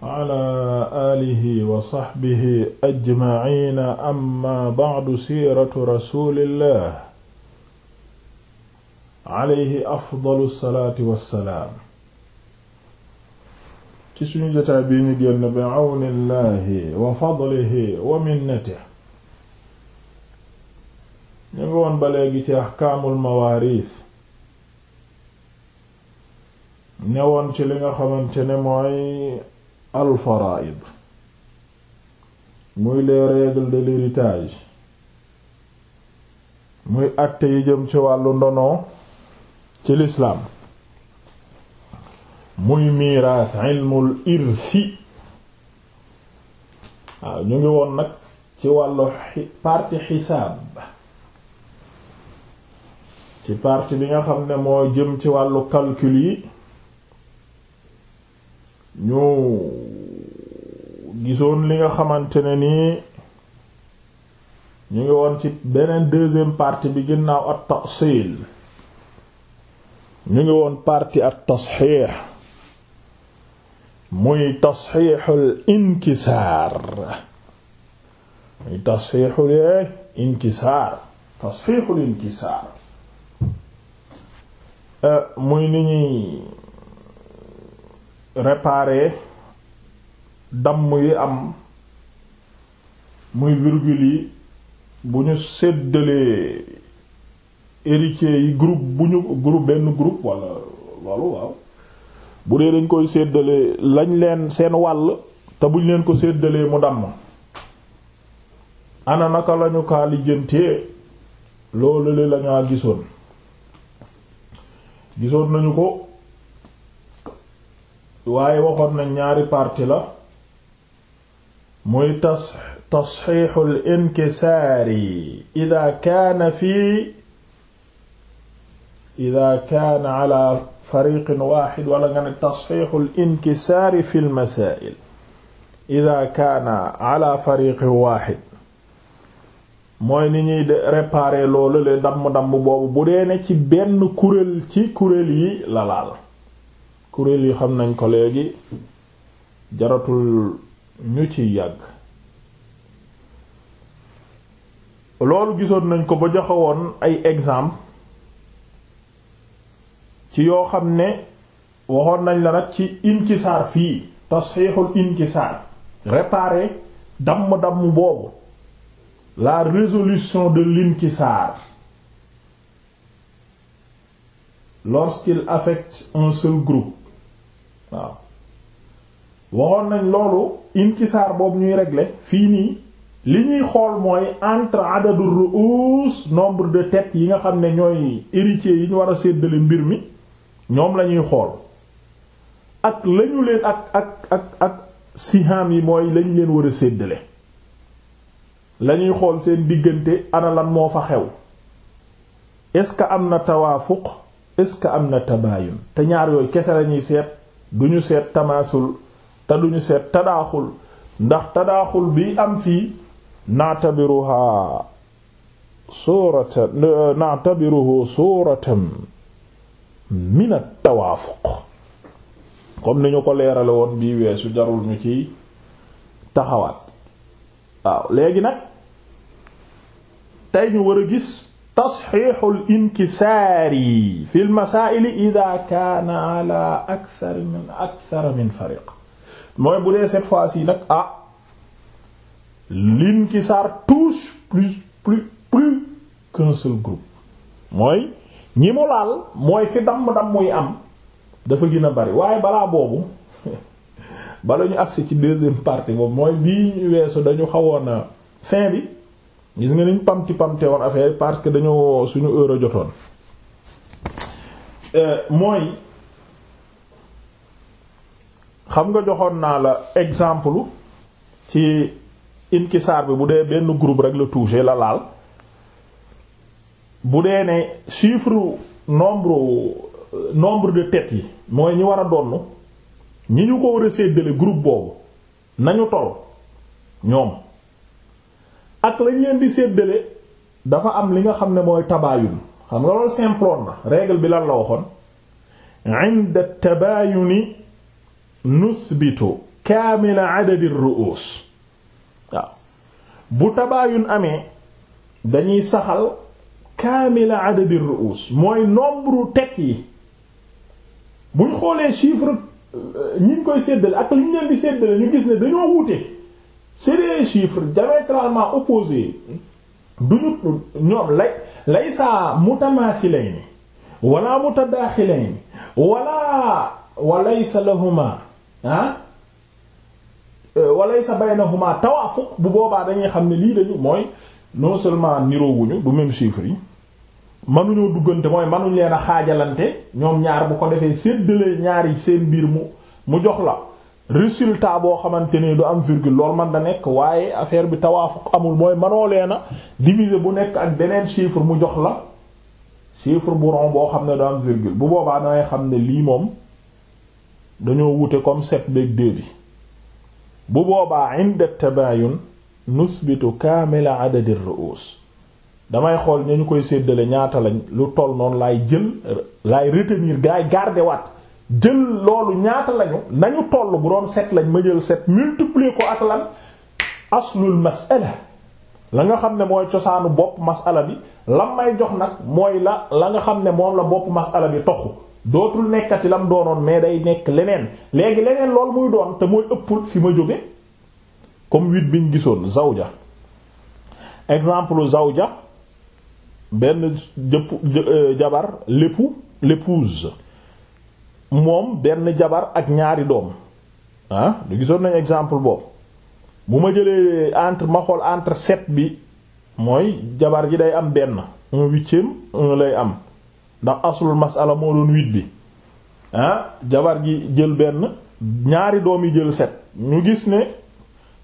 wala alihi wa saxbihi ajmaciina amma bacdu siiratu rasulillah alayhi afdalu salaatu wassalaam ci suñu jotaay bi ñu génn bi cawni llahi wa fadlihi wa minnatihi ñu ngi woon ba léegi ci axkaamul mawaariis newoon ci li nga xamante ne mooy al faraid muy les règles de l'héritage muy acte yi jëm ci wàllu ndono ci lislaam muy miiraas irsi waaw ñu ngi woon nag ci wàllu partie xisaab ci partie bi nga xam ne moo jëm ci wàllu calcul yi ñu gisoon li nga xamante ne nii ñu ngi woon ci beneen deuxième partie bi ginnaaw at tafsil ñu ngi woon partie at tasxiix muy tasxiixul inkisaar muy tasxiixul inkisaar tasxiixul inkisaar eh, muy ni ñuy réparer damm yi am muy virgule yi bu ñu séddalee héritiers yi groupe bu ñu groupe benn groupe wala loolu waaw bu dee dañ koy séddalee lañ leen seen wàll te buñ leen ko seddalee mu damm ana naka lañu kaa lijjantee loolu le lañaa gisoon gisoon nañu ko waaye waxoon nañ ñaari parti la muy tas tasxiixu l inkisaari ida kaana fii ida kaana ala fariqin waaxid wala nga ne tasxiixu l inkisaari fi lmasail ida kaana ala fariqin waaxid mooy ni ñuy réparer loolu le damm-damm boobu bu dee ne ci benn kuréel ci kuréel yi la laal kuréel yi xam nañ ko léegi jaratul ñu ci yàgg loolu gisoon nañ ko ba joxe woon ay exemple ci yoo xam ne waxoon nañ la nag ci inkisaar fii tasxiixul inkisaar réparer damm-damm boobu la résolution de l'inkisaar lorsqu'il affecte un seul groupe waaw waxoon nañ loolu inkisaar boobu ñuy régler fii nii li ñuy xool mooy entre adadu ru'us nombre de tet yi nga xam ne ñooy héritiers yi ñu war a séddale mbir mi ñoom la ñuy xool ak lañu leen ak ak ak siham yi mooy lañ leen war a séddale lañuy xool seen diggante ana moo fa xew est-ce que am na tawaafuq est-ce que am na tabaayun te ñaar yooyu kese lañuy seet ñu seet tamaasul te duñu seet tadaaxul ndax tadaaxul bi am fii naatabiruha suurata naatabiruhu suuratan min at-tawaafuq comme ni ñu ko leerale woon bii weesu jarul ñu ci taxawaat waaw léegi nag tey ñu war a gis tasxiixul inkisaari fil masaa'ili idaa kaana ala akthar min akthar min fariq mooy bu dee cette fois yi nag ah l'inkisaar touche plus plus plus qu'un seul mooy ñi mu laal mooy fi damm-damm muy am dafa gën a bari waaye balaa boobu bala ñu agsi ci deuxième partie moom mooy bii ñu weesu dañu xawoon a fin bi. gis nga niñ pamti pamte woon affaire parce que dañoo suñu heure jotoon euh, mooy xam nga joxoon naa la exemple ci inkisaar bi bu dee benn groupe rek la touché la laal bu dee ne chiffre nombre nombre de tet yi mooy ñi war a donn ñi ñu ko war a séddale groupe boobu nañu toll ñoom ak lañ leen di séddale dafa am li nga xam ne mooy tabaayun xam nga loolu simploon na règle bi lan la waxoon inda tabaayuni nusbitu kaamila adadi ru'us waaw bu tabaayun amee dañuy saxal kaamila adadi ru'us mooy nombre teg yi buñ xoolee chiffre euh, ñi ngi koy séddale ak liñ leen di séddale ñu gis ne dañoo wuute c'est des chiffres diamétralement opposés duñu ñoom lay lay saa mutamaasilayni wala mutadaaxilayni wala walaysa lahuma ah euh, walaysa baynahuma tawaafuq bu boobaa dañuy xam ne lii dañu mooy non seulement niroowuñu du même chiffre yi mënuñoo duggante mooy mënuñ leen a xaajalante ñoom ñaar bu ko defee séddale ñaari seen biir mu mu jox la résultat boo xamante ni du am virgule lool man da nekk waaye affaire bi tawaafuq amul mooy manoo leena diviser bu nekk ak beneen chiffre mu jox la chiffre bu rond boo xam ne du am virgule bu boobaa dangay xam ne lii moom dañoo wute comme sept beeg deux bi bu boobaa inda tabayun nusbitu kaamila adadi ru'us damay xool ña ñu koy séddale ñaata lañ lu toll noonu laay jël laay retenir gaay garder jël loolu ñaata lañu nañu toll bu doon set lañ ma jël set multiplier ko ak lan aslul masala la nga xam ne mooy cosaanu bopp masala bi lam may jox nag mooy la la nga xam ne moom la bopp masala bi toxu dootul nekkati lam doonoon mais day nekk leneen léegi leneen loolu muy doon te mooy ëppul fi ma jóge comme bi ñu gisoon zawja exemple zawja benn jëpp euh, jabar l'époux l'épouse moom benn jabar ak ñaari doom ah lu gisoon nañ exemple boobu bu ma jëlee entre ma xool entre sept bi mooy jabar ji day am benn un huitième un lay am ndax aslul masala moo doon huit bi ah jabar gi jël benn ñaari doom yi jël set ñu gis ne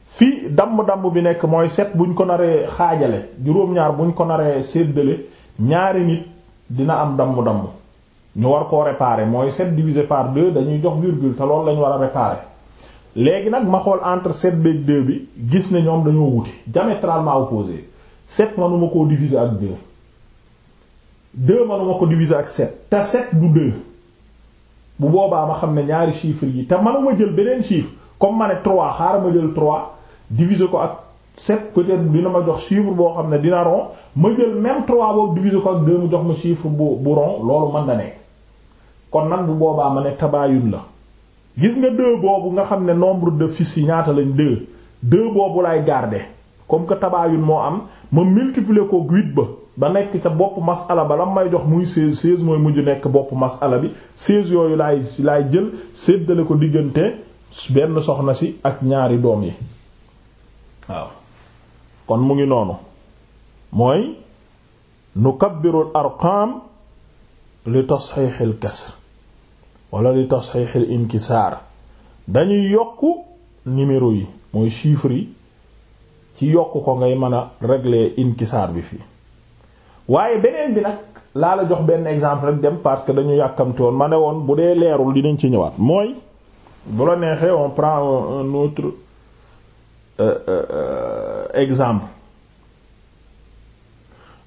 fii damb damb bi nekk mooy set buñ ko naree xaajale juróom-ñaar buñ ko naree séddale ñaari nit dina am damm-damm ñu war koo réparer mooy 7 divisé par 2 dañuy jox virgule te loolu lañu war a réparer léegi nag ma xool entre 7 beeg 2 bi gis ne ñoom dañoo wuti wute diamétralement opposé set manuma koo diviser ak 2 2 manuma ko diviser ak 7 te 7 du 2 bu boobaa ma xam ne ñaari chiffres yi te manuma jël beneen chiffre comme ma ne 3 xaaral ma jël 3 diviser ko ak 7 peut-être dina ma jox chiffre boo xam ne dina rond ma jël même 3 boobu diviser ko ak 2 mu jox ma chiffre bu bu rond loolu mën na nekk. kon nag bu boobaa ma ne tabaayun la gis nga deux boobu nga xam ne nombre de fi si ñaata lañ deux deux boobu lay garde comme que tabaayun moo am ma multiplier ko huit ba ba nekk ca bopp masala ba la may jox muy seize seize mooy mujj nekk bopp masala bi seize yooyu laay laay jël séddale ko diggante benn soxna si ak ñaari doom yi waaw kon mu ngi noonu mooy nukabbiru al arqam li tasxiixil kes wala li tasxiixil inkisaar dañuy yokk numéro yi mooy chiffre yi ci yokk ko ngay mën a régler inkisaar bi fii waaye beneen bi nag laa la jox benn exemple rek dem parce que dañu yàkkamti woon ma ne woon bu dee leerul dinañ ci ñëwaat mooy bu la neexee on prend un autre euh, euh, exemple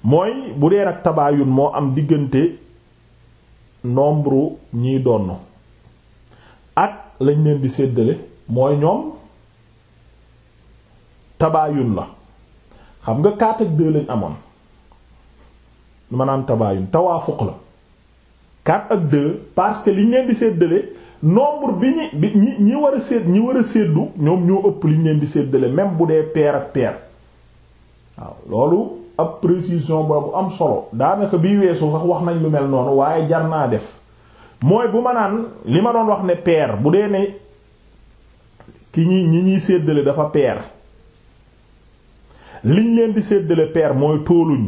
mooy bu dee nag tabaayun moo am diggante nombre ñi donn ak lañ leen di séddale mooy ñoom tabaayun la xam nga kaat ak deux lañ amoon maanaam tabaayun tawaafuq la quatre ak deux parce que liñ leen di séddale nombre bi ñi bi ñi ñi war a sédd ñi war a séddu ñoom ñoo ëpp liñ leen di séddale même bu dee pair ak pair waaw loolu ab précision boobu am solo daanaka bii weesu sax wax nañ lu mel noonu waaye jar naa def mooy bu ma naan li ma doon wax ne paire bu dee ne ki ñi ñi ñuy séddale dafa paire liñ leen di séddale paire mooy tóoluñ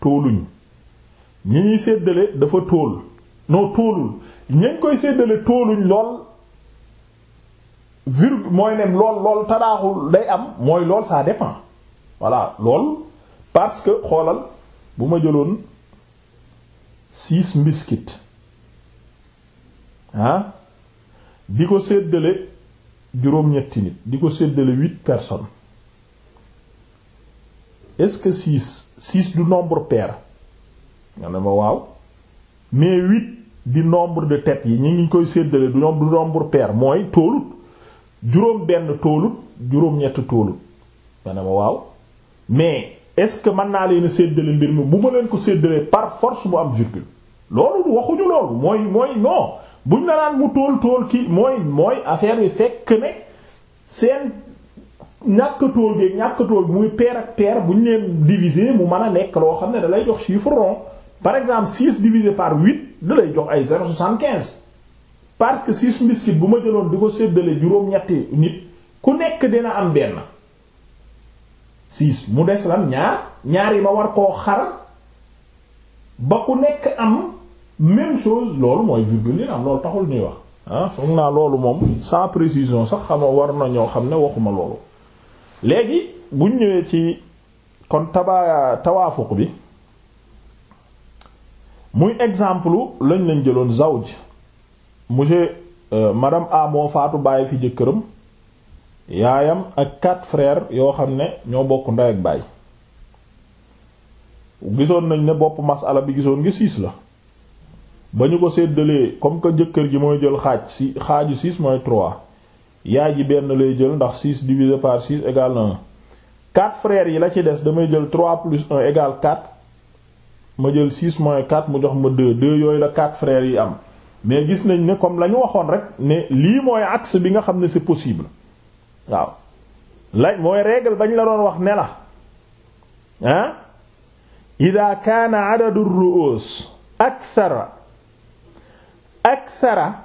tóoluñ ñi ñuy séddale dafa tóol noo tóolul ñañ koy séddale tóoluñ lool virgule mooy ne lool lool tadaaxul day am mooy lool ça dépend voilà lool parce que xoolal bu ma jëloon six mbiskit ah di ko séddale juróom-ñetti nit di ko séddale huit personnes est-ce que six six du nombre pair nga ne ma waaw mais huit di nombre de yi ñu ngi koy séddale du nombre du nombre mooy toolut juróom benn toolut juróom-ñett toolut nga ne ma waaw mais est-ce que mën naa leen séddale mbir mi bu ma leen ko séddalee par force mu am virgule loolu waxuñu loolu mooy mooy non buñ la naan mu tool tóol kii mooy mooy affaire bi fekk ne seen ñàkk tóol bi ñàkk tool bi muy paire ak paire buñ leen diviser mu mën a nekk loo xam ne dalay jox chiffre rond par exemple 6 divisé par 8 da lay jox ay 0,75 parce que 6 biscuit bu ma jëloon di ko séddale juróom-ñetti nit ku nekk dina am benn. six mu des lan ñaar ñaar yi ma war koo xar ba ku nekk am même chose loolu mooy virgule yi am loolu taxul ñuy wax ah foog naa loolu moom sans précision sax xama war na ñoo xam ne waxuma loolu léegi buñ ñëwee ci kon tabaa tawaafuq bi muy exemple lañ lañ jëloon zawj monsieur euh, madame a moo faatu bàyyi fi jëkkëram yaayam ak quatre frères yoo xam ne ñoo bokk ndey ak baay gisoon nañ ne bopp masala bi gisoon ngi siis la ba ñu ko séddalee comme que jëkkër ji mooy jël xaaj si xaaju siis mooy trois yaay ji benn lay jël ndax six divisé par six égale un quatre yi la ci des damay jël trois plus un égale quatre ma jël six moins quatre mu jox ma deux deux yooyu la quatre frères yi am mais gis nañ ne comme la ñu waxoon rek ne lii mooy axe bi nga xam ne si possible waaw lañ mooy règle bañ la doon wax ne la ah ida kaana adadu ru'us akthara akthara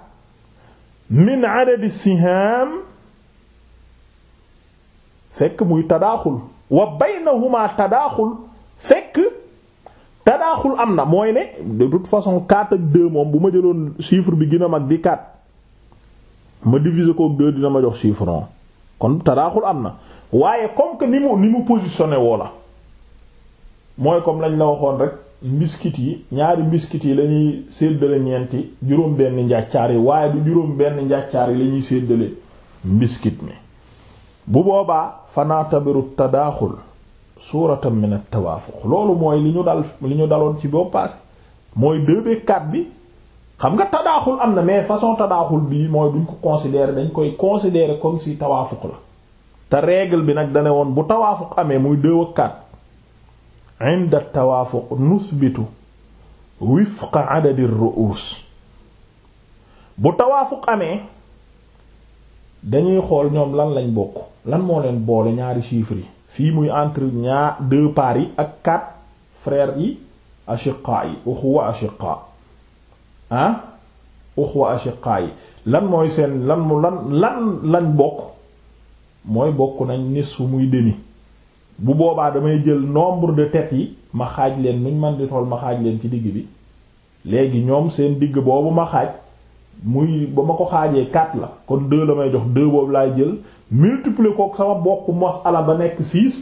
min adadi siham fekk muy tadaaxul wa baynahuma tadaaxul fekk tadaaxul am na mooy ne de toute façon 4 ak 2 bu ma jëloon chiffre bi gën a mag di 4 ma diviser ko ak dina ma jox chiffre kon tadaaxul am na waaye comme que ni mu ni mu positionné woo la mooy comme lañ la waxoon rek mbiskit yi ñaari mbiskit yi lañuy séddale ñeenti juróom benn njàccaar yi waaye du juróom benn njàccaar yi lañuy séddale mbiskit mi bu boobaa fanaatabiru tadaaxul suratan min at-tawaafuq loolu mooy li ñu dal li ñu daloon ci boo paase mooy deux bi bi xam nga tadaaxul am na mais façon tadaaxul bii mooy duñ ko considérer dañ koy considérer comme si tawaafuq la te règle bi nag dane woon bu tawaafuq amee muy deux ak quatre inda tawaafuq wifqa adadi ru'us bu tawaafuq amee dañuy xool ñoom lan lañ bokk lan moo leen boole ñaari chiffres yi fii muy entre ñaar deux yi ak quatre frères yi ashiqa yi uxuwa ashiqa ah uxwa yi lan mooy seen lan mu lan lan lañ bokk mooy bokk nañ ni su muy demi bu boobaa damay jël nombre de tet yi ma xaaj leen nuñ man di tool ma xaaj leen ci digg bi léegi ñoom seen digg boobu ma xaaj muy ba ma ko xaajee 4 la kon 2 la may jox 2 boobu laay jël multiplier ko sama bokk mos ala ba nekk 6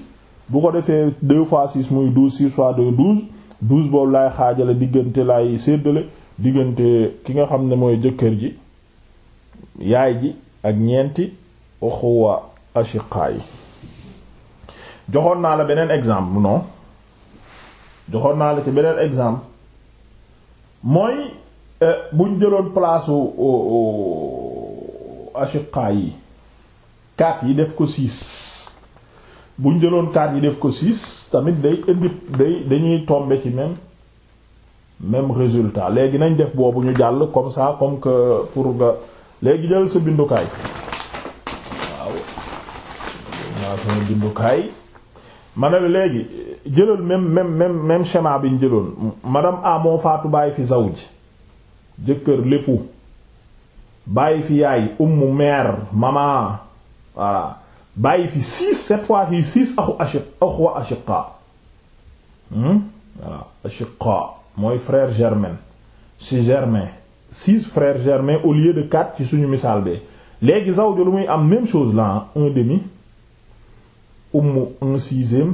bu ko defee 2 fois 6 muy 12 6 fois 2 12 12 boobu laay xaajale diggante laay séddale diggante ki nga xam ne mooy jëkkër ji yaay ji ak ñeenti uxuwa ashiqa yi joxoon naa la beneen exemple non joxoon naa la ci beneen exemple mooy euh, buñ jëloon place u euh, euh, yi quatre yi def ko six buñ jëloon quatre yi def ko six tamit day indi day dañuy tomber ci même même résultat léegi nañ def boobu ñu jàll comme ça comme que pour nga léegi jël sa bindukaay waaw naa léegi jëlal même même même même biñ jëloon madame A moo faatu bàyyi fi zawj jëkkër léppu bàyyi fi yaay ummu mère maman bàyyi fi six cette fois-ci six axu ashi axwa ashiqa hmm? voilà ashiqa mooy frère germain si germain six frères germains au lieu de quatre ci suñu misaal bi léegi zawju lu muy am même chose là un demi ummu un sixième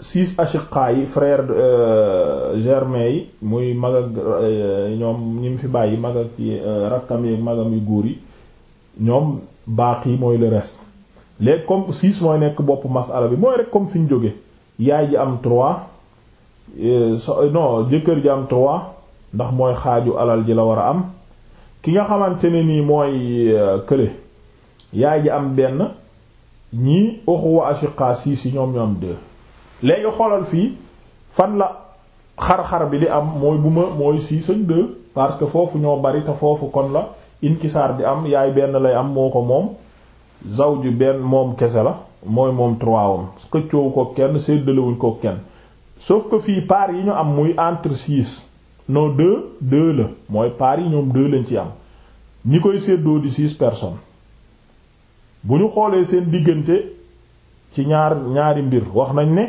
six ashiqa yi frère euh, germain yi muy mag ak euh, ñoom ñi mu fi bàyyi mag ak euh, rakkam yi magam yu góor yi ñoom baax yi mooy le reste léegi comme six mooy nekk bopp masala bi mooy rek comme fi ñu jóge yaay ji am trois so eh, non jëkkër ji am trois ndax mooy xaaju alal ji la war a am ki nga xamante ne nii mooy euh, kële yaay ji am benn ñii uxuwa ashiqa si si ñoom ñu am léegi xoolal fii fan la xar-xar bi di am mooy bu ma mooy six ak deux parce que foofu ñoo bari te foofu kon la inkisaar di am yaay benn lay am moo ko moom zawju benn moom kese la mooy moom trois am xëccoowu ko kenn séddalewuñ ko kenn sauf ko fii paar yi ñu am muy entre six no deux deux la mooy paar yi ñoom deux lañ ci am ñi koy séddoo di six personnes bu ñu xoolee seen diggante ci ñaar ñaari mbir wax nañ ne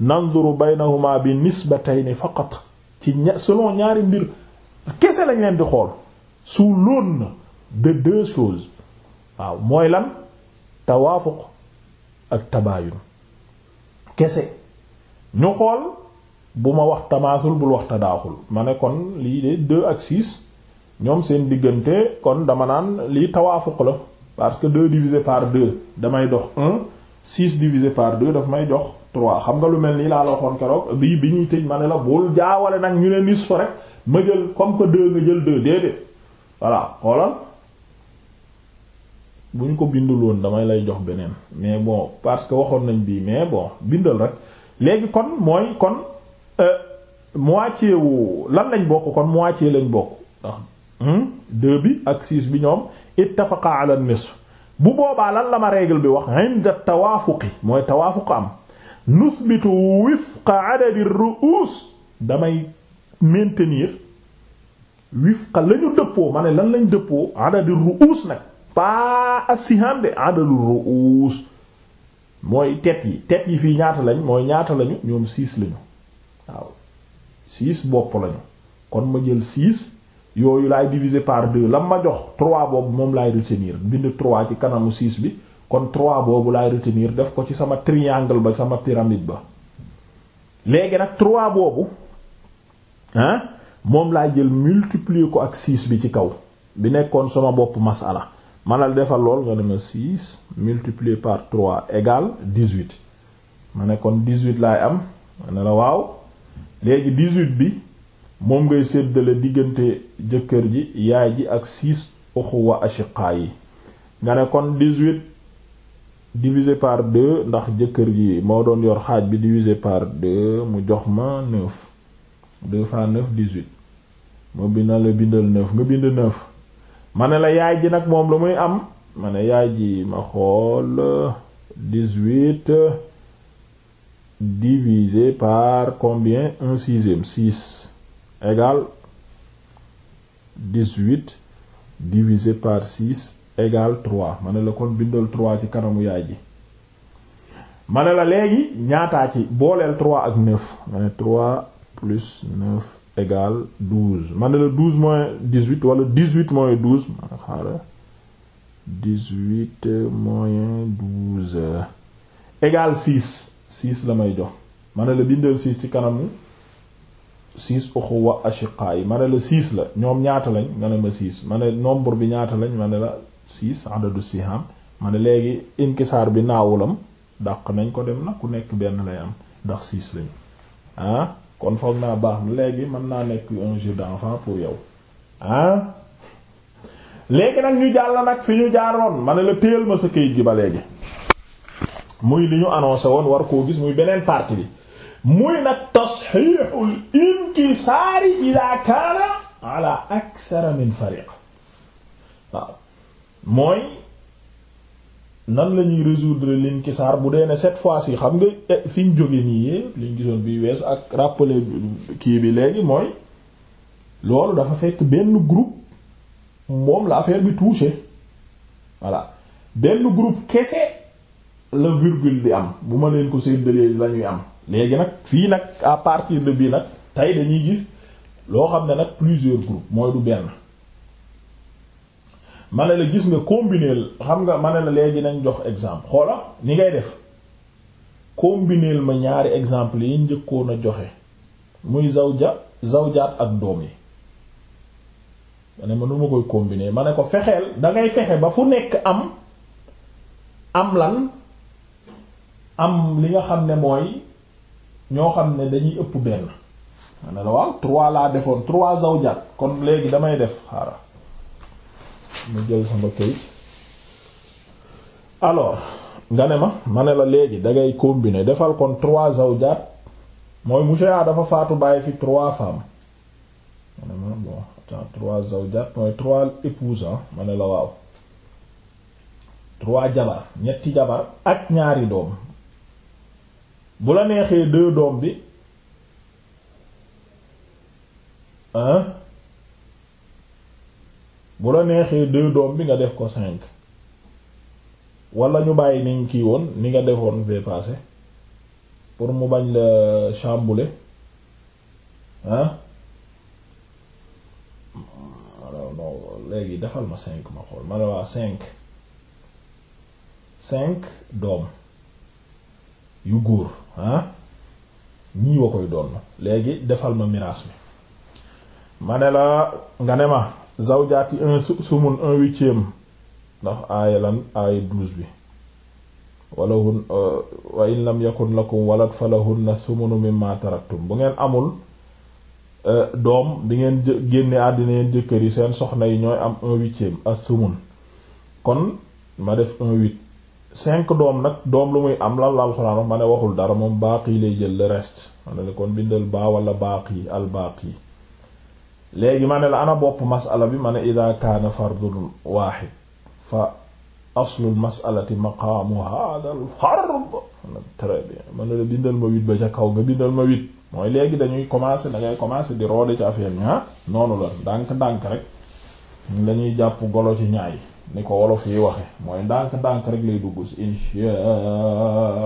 nanzuru baynahuma bi ba tey nisbatayni faqat ci ña ñaari mbir kese lañ leen di xool suu l'aune de deux choses waaw mooy lan tawaafuq ak tabaayun kese ñu xool bu ma wax tamaasul bul wax tadaaxul ma ne kon lii de deux ak six ñoom seen diggante kon dama naan lii tawaafuq la parce que deux divisé par deux damay dox un six divisé par deux daf may jox trois xam nga lu mel nii laa la waxoon keroog bii bi ñuy tëj ma ne la bul jaawale nag ñu ne nis fa rek ma jël comme que deux nga jël deux déedéet voilà xoolal bu ñu ko bindul woon damay lay jox beneen mais bon parce que waxoon nañ bii mais bon bindal rek. léegi kon mooy kon euh, moitié wu lan lañ bokk kon moitié lañ bokk ndax ah. hmm? bi ak six bi ñoom ittafaqa ala nisf bu boobaa lan la ma règle bi wax inda tawaafuqi mooy tawaafuq am nuthbitu wifqa adadi ru'us la ñu dëppoo ma ne lan lañ dëppoo adadi ru'us nag pas as-siham de adadi mooy tet yi tet yi fii ñaata lañ mooy ñaata lañu ñoom six lañu waaw six bopp lañu kon ma jël six yooyu laay diviser par deux lam ma jox trois boobu moom laay retenir bind trois ci kanamu six bi kon trois boobu laay retenir def ko ci sama triangle ba sama pyramide ba léegi nag trois boobu hein moom laay jël multiplier ko ak six bi ci kaw bi nekkoon sama bopp masala manal defal lool nga ne ma 6 multiplier par trois égale 18 ma ne kon 18 laay am ma ne la waaw léegi 18 bi moom ngay séddale diggante jëkkër ji yaay ji ak 6 uxuwa ashiqaa yi nga ne kon 18 divisé par 2 ndax jëkkër ji moo doon yor xaaj bi divisé par 2 mu jox ma 9 2 fois 9 18 ma bina la bindal 9 nga bind 9 ma ne la yaay ji nag moom lu muy am ma ne yaay ji ma xool dix-huit divisé par combien un sixième six égale dix-huit divisé par six égale trois ma ne la kon bindal trois ci kanamu yaay ji ma ne la léegi ñaataa ci booleel trois ak neuf ma ne trois plus neuf égale douze ma ne la douze moins dix-huit wala dix-huit moins douze ma xaaral dix-huit moins douze égale six six la may jox ma ne la bindal six ci kanamu six uxuwa ashiqa yi ma la six la ñoom ñaata lañ nga ne ma six ma ne nombre bi ñaata lañ ma ne la six adadu siham ma ne léegi inkisaar bi naawulam daq nañ ko dem na ku nekk benn lay am ndax six lañu ah? kon foog naa baax na léegi mën naa nekk un jeu d'enfant pour yow ah léegi nag ñu jàll nag fi ñu jaaroon ma ne la téyal ma sa kayit gi ba léegi muy li ñu annoncé woon war koo gis muy beneen partie bi muy nag tasxiixul inkisaari ila kaana ala akthara min fariq waaw mooy nan la ñuy résoudre l'inkisaar bu dee ne cette fois-ci xam nga eh, fi ñu jóge nii yépp liñ gisoon bi weesu ak rappeler kii bi léegi mooy loolu dafa fekk benn group moom la affaire bi touché voilà benn group kese la virgule di am bu ma leen ko séddalee la ñuy am léegi nag fii nag à partir de bii nag tey dañuy gis loo xam ne nag plusieurs groupes mooy du benn ma la gis nga combiner xam nga ma ne la léegi nañ jox exemple xoola ni ngay def combiner ma ñaari exemple yi njëkkoon a joxe muy zawja zawjaat ak doom yi ma ne ma nu ma koy combiner ma ne ko fexeel dangay fexe ba fu nekk am am lan am li nga xam ne mooy ñoo xam ne dañuy ëpp benn ma ne la waaw trois laa defoon trois zawjaat kon léegi damay def xaaral ma jël sama kayit alors nga ne ma ma ne la léegi dangay combiner defal kon trois zawjaat mooy monsieur A dafa faatu bàyyi fi trois femmes ma ne ma bon trois trois épouses ah. ma ne la waaw trois jabar ñetti jabar ak ñaari doom bu la neexee deux doom bi bu la neexee deux doom bi nga def ko cinq wala ñu bàyyi niñ kii woon ni nga defoon bee passé pour mu bañ la chambouler léegi defal ma cinq ma xool ma ne waa cinq cinq doom yu góor ah koy doon léegi defal ma miraas mi ma ne la nga ne ma zawjaat yi un sumun un huitième ndax aaya lan aaya douze bi wala hun euh, wa in lam yakun lakum walad falahunna sumunu mimma taraktum bu ngeen amul euh, doom bi ngeen génne àddina yeen jëkkër yi seen soxna yi ñooy am un huitième as sumun kon ma def un huit cinq doom nag doom lu muy am la la alxuraan ma ne waxul dara moom baaqi lay jël le reste ma ne kon bindal baa wala yi albaax yi léegi ma ne la ana bopp masala bi ma ne ida kaana fardun waaxid fa aslul masalati maqaamu hada al fard très ma ne la bindal ma huit ba ca kaw nga bindal ma huit mooy léegi dañuy commencer da ngay commencer di roode ci affaire bi ah noonu la ndànk-ndànk rek dañuy jàpp golo ci ñaay ni ko wolof yi waxe mooy ndànk-ndànk rek lay dugg si insha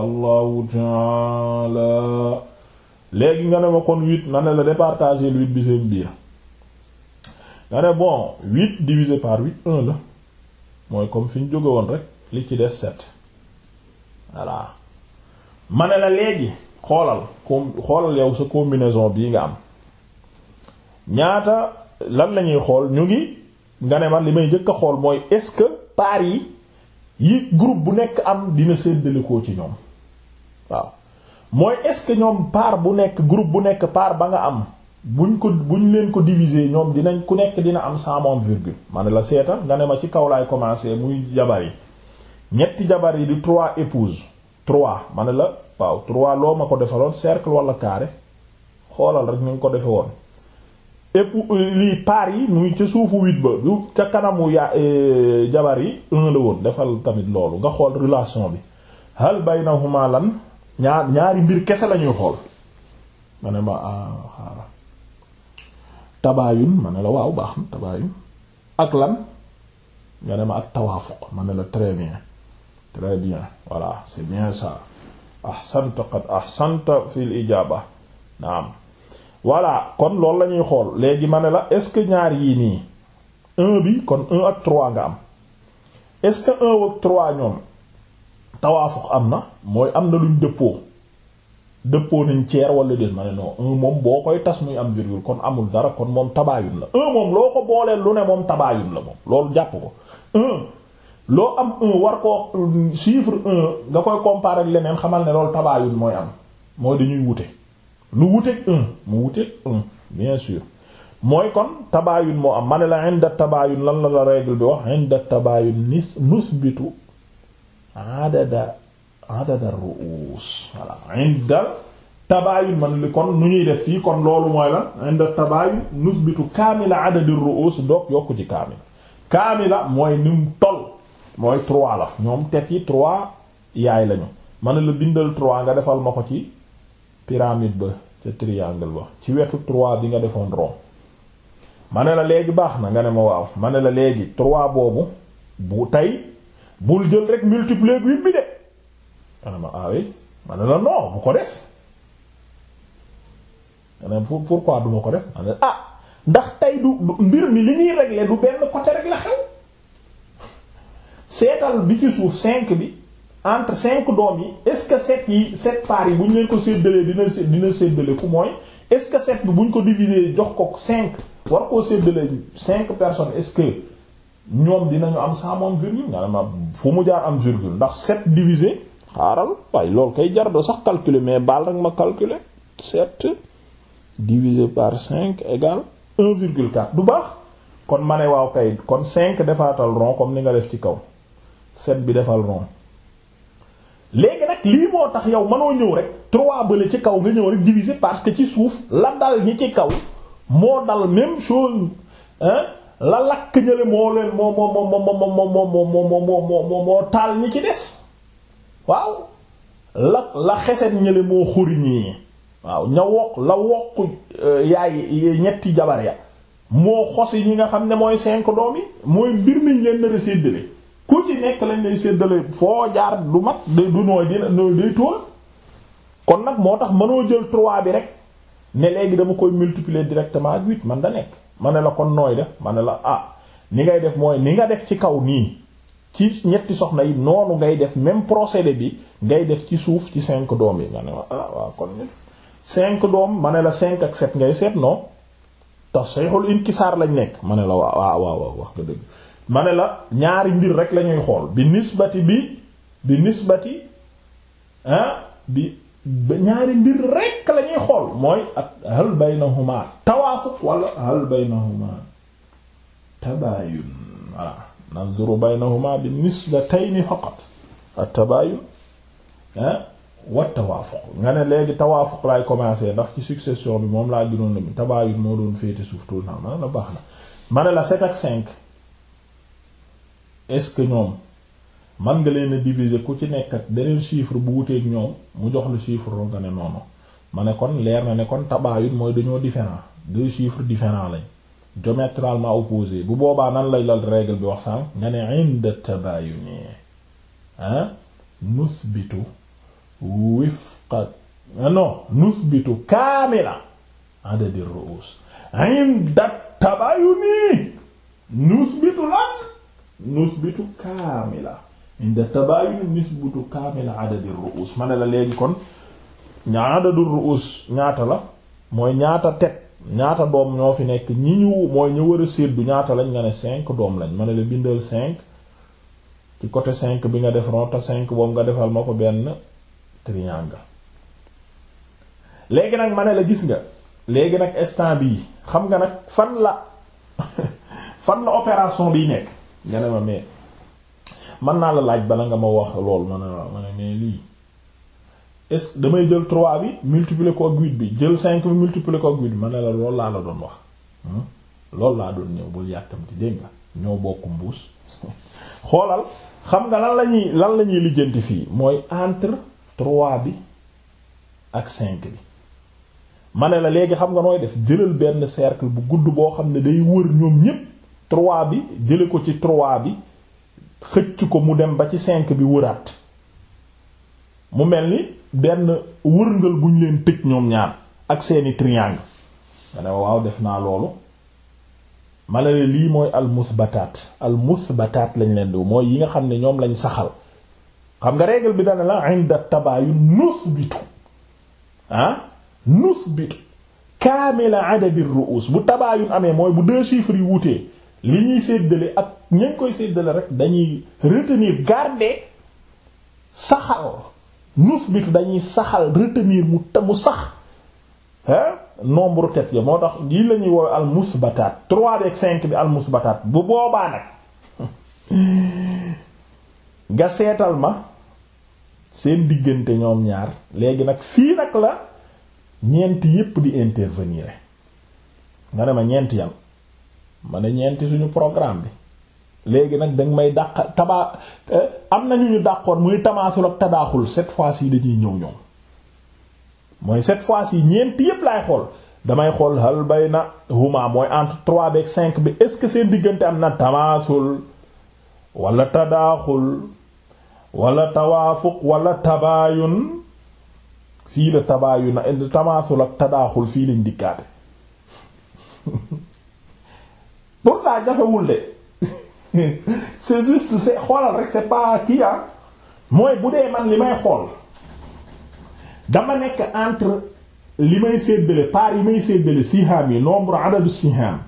allahu taala léegi nga ne ma kon huit na la départager huit bi seen biir nga ne bon 8 divisé par 8 1 la mooy comme fi ñu woon rek li ci des set voilà ma ne la léegi xoolal com xoolal yow sa combinaison bii nga am ñaata lan lañuy xool ñu ngi nga ne man li may njëkk a xool mooy est-ce que par yi yi groupe bu nekk am dina séddalikoo ci ñoom waaw mooy est-ce que ñoom par bu nekk groupe bu nekk par ba nga am buñ ko buñ leen ko diviser ñoom dinañ ku nekk dina am cent moom virgule ma ne la seetal nga ne ma ci kaw laay commencer muy jabar yi ñetti jabar yi di trois épouses trois ma ne la waaw trois loo ma ko defaloon cercle wala carré xoolal rek ñu ngi ko defe woon époux euh, lii paar yi muy ca suufu huit ba bu ca kanamu ya euh, jabar yi un la woon defal tamit loolu nga xool relation bi hal baynahuma lan ñaar ñaari mbir kese lañuy xool ma ne ma ah, xaaral tabaayun ma ne la waaw baax na tabaayun ak lan nga ne ma ak tawaafuq ma ne la très bien très bien voilà c'est bien ça ahsanta qad ahsanta fil ijaba naam voilà kon loolu lañuy xool léegi ma ne la est-ce que ñaar yii nii un bi kon un ak trois nga am est-ce que un ak trois ñoom tawaafuq am na mooy am na luñ dëppoo dëppoo nañ ceer wala déet ma ne non un moom boo koy tas muy am virgule kon amul dara kon moom tabaayun la un moom loo ko booleel lu ne moom tabaayun la moom loolu jàpp ko loo am un war koo chiffre un nga koy comparer leneen xamal ne loolu tabaayun mooy am mooy dañuy wute lu wuteeg un mu wuteeg un bien sûr mooy kon tabaayun moo am ma ne la inda tabaayun lan la la règle bi wax inda tabaayun nis nusbitu adada adada ru'us voilà inda tabaayun man li kon nu ñuy def fii kon loolu mooy lan inda tabaayun nusbitu kaamila adadi ru'us doog yokku ci kaamil kaamila mooy ni mu mooy trois la ñoom tet yi trois yaay lañu ne la bindal trois nga defal ma ko ci pyramide ba ca triangle ba ci wetu trois bi nga defoon rond ma ne la léegi baax na nga ne ma waaw ma ne la léegi trois boobu bu tey bul jël rek multiplier huit bi de ma ah ma ne la non bu ko def ma ne pour pourquoi du ko def ma ne ah ndax tey du mbir mi li ñuy régler du benn côté rek la xew seetal bi ci suuf cinq bi entre cinq doom yi est-ce que sept yi sept parts yi bu ñu leen ko séddalee dina dina séddale ku mooy est-ce que sept bi bu ñu ko diviser jox ko cinq war koo séddalee cinq personnes est-ce que ñoom dinañu am saa moom virgule ma fu mu jaar am virgule ndax sept divisé. xaaral waaye loolu kay jar sax calculer mais baal rek ma calculer sept divisé par cinq égale un virgule quatre du baax kon ma ne waaw kay kon cinq defaatal rond comme ni nga def ci kaw sept bi defal rond léegi nag lii moo tax yow mënoo ñëw rek trois bële ci kaw nga ñëw rek diviser parce que ci suuf la dal ñi ci kaw moo dal même chose la lakk ñële moo leen moo moo moo moo moo moo moo moo moo moo taal ñi ci des waaw la la xeset ñële moo xoriñi waaw ña wokk la wokk euh, yaay ñetti jabar ya moo xosi ñi nga xam ne mooy cinq doom yi mooy mbir mi leen na séddale ku ci nekk lañ lay séddale foo jaar du mat du nooy dina nooy day tóol kon nag moo tax mënoo jël trois bi rek ne léegi dama koy multiplier directement ak huit man da nekk ma ne la kon nooy def ma ne la ah ni ngay def mooy ni nga def ci kaw nii ci ñetti soxna yi noonu ngay def même procédé bi ngay def ci suuf ci cinq doom yi nga ne wa ah waaw kon cinq doom ma ne la cinq ak sept ngay seet non tasxiixul inkisaar lañ nekk ma ne la waaw wax nga dëgg ma ne la ñaari mbir rek lañuy xool bi nisbati bi bi nisbati ah bi ñaari mbir rek lañuy xool mooy ak hal baynahuma tawaafuq wala hal baynahuma tabaayun voilà nanzuru baynahuma bi tey nisbatayni faqat at-tabayun ah, wa tawaafuq nga ne léegi tawaafuq laay commencer ndax ci succession bi moom laa gënoon nañu tabayun moo doon féete suuf tuuti naa ma la baax ma ne la 7 ak est-ce que ñoom man nga leen diviser ku ci nekk ak beneen chiffre bu wuteeg ñoom mu jox la chiffre nga ne noonu ma ne kon leer na ne kon tabayun mooy dañoo différent deux chiffres différents lañ. diamétralement opposé bu boobaa nan lay lal règle bi wax sànq nga ne inda tabayuni ah nuthbitu wifqa ah non nuthbitu kaamila adadi ru'us inda tabayuni nuthbitu lan nuthbitu kaamila inda tabayuni nuthbitu kaamila adadi ru'us ma ne la léegi kon ña adadu ru'us ñaata la mooy ñaata teg ñaata doom ñoo fi nekk ñi ñu mooy ñu war a ñaata lañ nga ne cinq doom lañ ma ne la bindal cinq ci côté cinq bi nga def rond te cinq boobu nga defal ma ko benn triangle léegi nag ma ne la gis nga léegi nag instant bii xam nga nag fan la fan la opération biy nekk nga ne ma mais mën naa la laaj bala nga ma wax lool ma ne ma ne mais lii est-ce que damay jël 3 bi multiplier ko ak 8 bi jël cinq bi multiplier ko ak bi ma ne la loolu laa la doon wax hmm? loolu laa doon ñëw bul yàkkamti dégg nga ñoo bokk mbuus xoolal xam nga lan la ñuy lan la ñuy lijjanti fii mooy entre 3 bi ak cinq bi ma ne la léegi xam nga nooy def jëlal benn cercle bu gudd boo xam ne day wër ñoom ñépp 3 bi jële ko ci 3 bi xëcc ko mu dem ba ci cinq bi wëraat mu mel ni benn wërngal bu ñu leen tëj ñoom ñaar ak seeni triangle nga ne waaw def naa loolu ma lii mooy al musbataat al musbataat lañ leen di mooy yi nga xam ne ñoom lañ saxal xam nga règle bi dana la inda tabaayun nusbitu ah nusbitu kaamila adadi ru'us bu tabaayun amee mooy bu deux chiffres yu wutee li ñuy séddale ak ñañ koy séddale rek dañuy retenir garder saxal nusbitu dañuy saxal retenir mu te mu sax hein nombre tet ya moo tax lii lañuy ñuy al al musbataat trois ak cinq bi al musbataat bu boobaa nag nga seetal ma seen diggante ñoom ñaar léegi nag fii nag la ñeenti yépp di intervenir nga ne ma ñeenti yan ma ne ñeenti suñu programme bi léegi nag danga may dàq taba eh, am nañu ñu dàqoon muy tamaasul ak tadaaxul cette fois-ci dañuy ñëw ñoom mooy cette fois-ci ñeent yépp laay xool damay xool hal bayna huma mooy entre trois de cinq bi est-ce que seen diggante am na tamaasul walla tadaaxul wala tawaafuq wala tabaayun fii la tabaayun tamaasul ak tadaaxul fii lañ dikkaate pour la jafewul de c'est juste c'est xoolal rek c'est pas kii ah mooy bu dee man li may xool dama nekk entre li may séddale par yi may séddale siham yi nombre adadu siham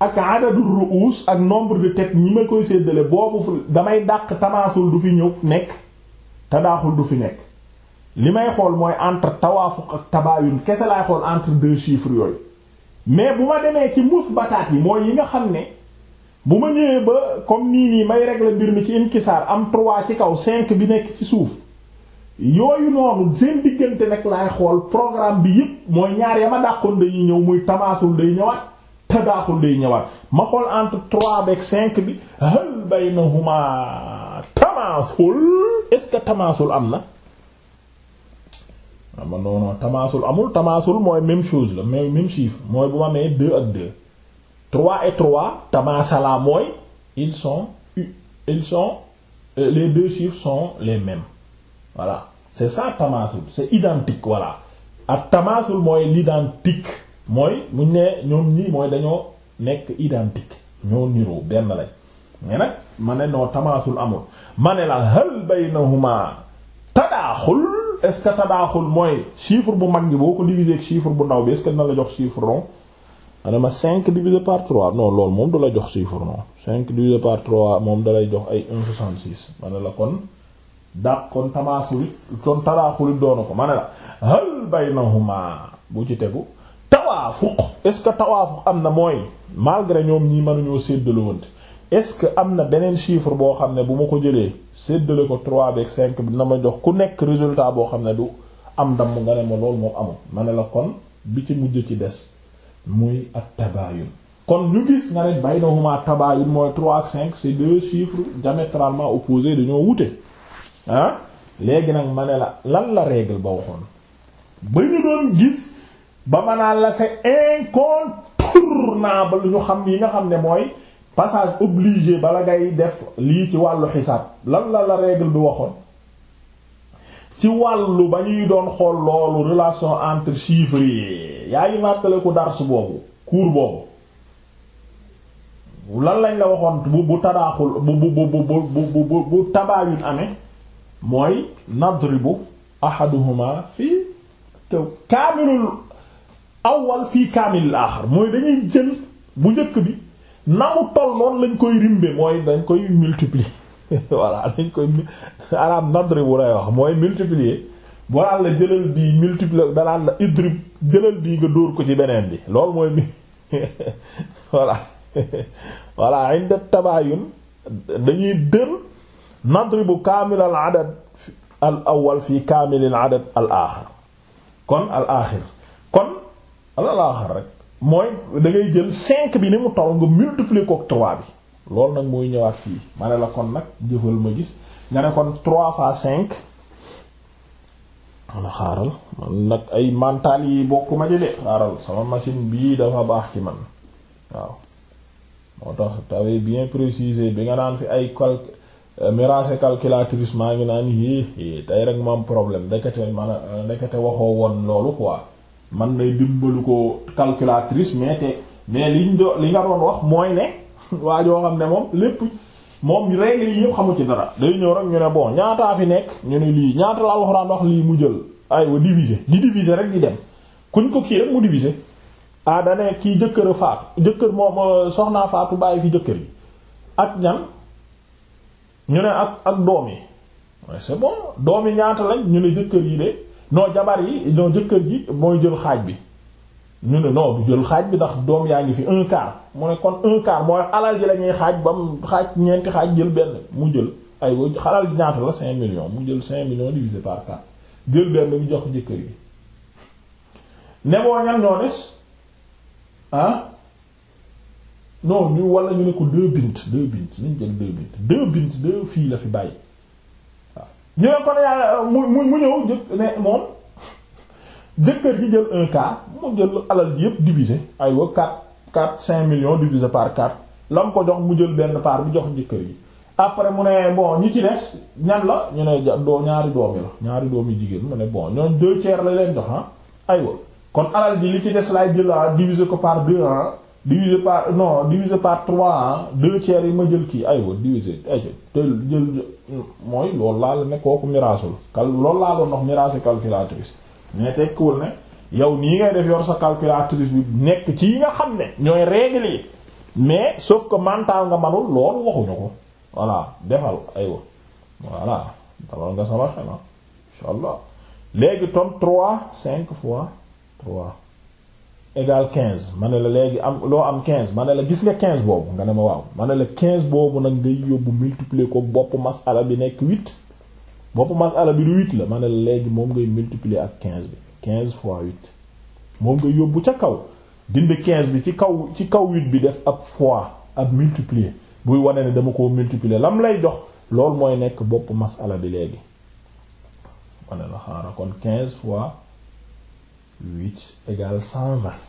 ak adadu ru'us ak nombre bi teg ñi ma koy séddale boobu damay dàq tamaasul du fi ñëw nekk tadaaxul du fi nekk li may xool mooy entre tawaafuq ak tabaayun kese laay xool entre deux chiffres yooyu mais bu ma demee ci musbataat yi mooy yi nga xam ne bu ma ñëwee ba comme nii nii may régler mbir mi ci inkisaar am 3 ci kaw cinq bi nekk ci suuf yooyu noonu seen diggante nag laay xool programme bi yëpp mooy ñaar ya ma dàqoon dañuy ñëw muy tamaasul day ñëwaat tadaaxul day ñëwaat ma xool entre 3 beeg 5 bi hal baynahuma tamaasul est-ce que tamaasul am na ama ah, non non tamaasul amul tamaasul mooy même chose la mais même chiffre mooy bu ma nee 2 ak 2 3 et 3 tamasala mooy ils sont ils sont euh, les deux chiffres sont les mêmes voilà c'est ça tamasul c'est identique voilà ak tamasul mooy l'identique mooy muñ ne ñoom ñii mooy dañoo nekk identique ñoo niroo benn lañ mais ma ne noo tamasul amul ma ne la hal baynahuma tadaaxul est que tadaaxul mooy chiffre bu mag bi boo ko diviser ak chiffre bu ndaw bi est-ce que dina la jox chiffre rond ana ma 5 divisé par 3 noonu loolu moom da la jox chiffre non 5 divisé par 3 moom da lay jox ay 1,66 ma ne la kon daq kon tamaaxulit kon taraaxulit doonu ko ma ne la hal baynahuma bu ci tegu tawaafuq est-ce que tawaafuq am na mooy malgré ñoom ñii mënuñoo séddale wante est-ce que am na beneen chiffre boo xam ne bu ma ko jëlee séddale ko trois bi ak 5 bi na ma jox ku nekk résultat boo xam ne du am ndam nga ne ma loolu moom amul ma ne la kon bi ci mujj ci des muy ak tabaayun kon ñu gis nga ne baynahuma tabaayun mooy 3 ak 5 c'est deux chiffres diamétralement opposés dañoo wute ah léegi nag ma ne la lan la règle ba waxoon ba ñu doon gis ba manaa la c'est incontournable ñu xam yi nga xam ne mooy passage obligé bala ngay def lii ci wàllu xisaab lan la la règle bi waxoon ci wàllu ba ñuy doon xool loolu relation entre chiffres yi yaa ngi màttaleku dars boobu cours boobu lan lañ la waxoon bu bu tadaaxul bu bu bu bu bu bu tabaayun amee mooy nadribu ahaduhuma fii te kaamilul awwal fii kaamilul aaxar mooy dañuy jël bu njëkk bi na mu toll noonu lañ koy rimbe mooy dañ koy multiplier voilà dañ koy arab nadribu lay wax mooy multiplier bolaan la jëlal bii multiplier danaan la idrib jëlal bii nga dóor ko ci beneen bi loolu mooy mi voilà voilà inda tabayun dañuy dër nadribu kaamil al adad al awal fi kaamil al adad al aaxir kon al aaxir kon al aaxir rek mooy da ngay jël cinq bi ni mu toll nga multiplier ko ak trois bi loolu nag mooy ñëwaat fii ma la kon nag jëfal ma gis nga ne kon trois fois cinq xaaral man nag ay mental yi bokku ma jëlee xaaral sama machine bii dafa baax ci man waaw moo tax t'avais bien précisé bi nga naan fi ay cal euh, mirage calculatrice maa ngi naan yii tey rek ma am problème ndekete man euh, ndekete waxoo woon loolu quoi man nay dimbalu ko calculatrice mais te mais li nga doon wax mooy ne waa joo xam ne moom lépp moom règle yi yëpp xamu ci dara day ñëw rek ñu ne bon ñaata fi nekk ñu ne lii ñaata la alxuraan wax lii mu jël aywa diviser di diviser rek di dem kuñ ko kii rek mu diviser ah dane kii jëkkër a faatu jëkkër moom euh, soxnaa faatu bàyyi fi jëkkër yi ak ñan ñu ne ak ak doom yi c'est bon doom yi ñaata lañ ñu ne jëkkër yi de non jabar yi non jëkkër ji mooy jël xaaj bi ñu ne non jël xaaj bi ndax doom yaa ngi fi un quart mu ne kon un quart mooy alal ji la ñuy xaaj ba mu xaaj ñeenti xaaj jël benn mu jël ay wa xalal ji ñaata la cinq millions mu jël cinq millions divisé par quatre jël benn bi jox jëkkër yi ne boo ñoo des ah non ñu ñu ne ko deux bint deux bint ñu jël deux bint deux bint deux fii la fi bàyyi waaw ñu ne kon yàlla mu mu ñëw jëkk ne moom jëkkër ji jël un quart mu jël alal ji yépp divisé aywa quatre quatre cinq millions divisé par quatre la mu ko jox mu jël benn part bi jox jëkkër ji après mu ne bon ñi ci des ñan la ñu ne doo ñaari doom yi la ñaari doom yu jigéen mu ne bon ñoom deux tiers la leen jox ah aywa kon alal ji li ci des laay jël ah divisé ko par deux ah divisé par non divisé par trois ah deux tiers yi ma jël kii aywa divisé aywa eh, te jël mooy loolu laa la ne kooku miraasul kal loolu laa doon wax miraas calculatrice mais tekkiwul ne yow nii ngay def yor sa calculatrice bi nekk ci yi nga xam ne ñooy règle mais sauf que mental nga manul loolu waxuñu ko voilà defal aywa voilà dalal nga sama xel insha léegi tom 3 5 fois 3 égal 15 ma ne la léegi am loo am 15 ma ne la gis nga 15 boobu nga ne ma waaw ma ne la 15 boobu nag ngay yóbbu multiplier ko bopp masala bi nekk 8 boppu masala bi du huit la ma la léegi moom ngay multiplier ak quinze bi quinze fois huit moom ngay yóbbu ca kaw dind quinze bi ci kaw ci kaw huit bi def ab fois ab multiplier buy wane ne dama ko multiplier lam lay dox loolu mooy nekk boppu masala bi léegi ma la xaaral kon quinze fois huit égale cent vingt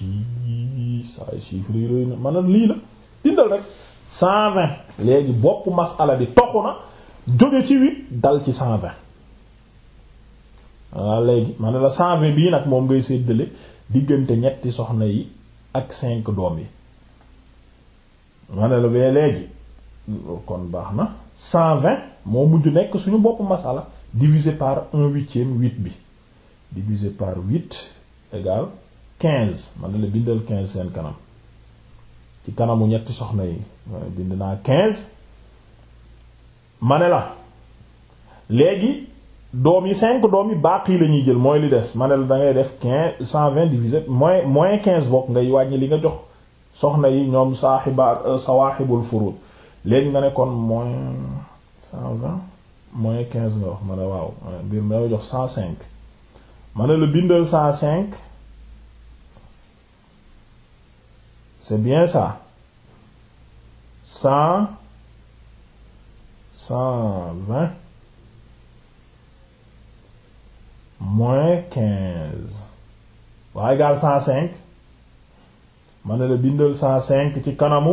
i saa chiffre yi rëy na ma ne lii la dindal rek cent vingt léegi boppu masala bi toxu na jóge ci huit dal ci cent vingt waaw léegi ma la cent vingt bii nag moom ngay séddale diggante ñetti soxna yi ak cinq doom yi ma la bee léegi kon baax na cent vingt moo mujj nekk suñu bopp masala divisé par un huitième huit bi divisé par huit égal quinze ma ne la bindal quinze seen kanam ci kanamu ñetti soxna yi bind naa quinze ma la léegi doom yi cinq doom yi baaq yi la ñuy jël mooy li des ma ne da ngay def quinze cent vingt divisé moins moins quinze bokk ngay wàññi li nga jox soxna yi ñoom saaxiba euh, sawaaxibul furud léegi nga ne kon moins cent vingt moins quinze nga wax ma waaw euh, mbir ma dama jox cent cinq ma la bindal cent cinq c'est bien ça cent cent vingt moins quinze waa égal cent cinq ma la bindal cent cinq ci kanamu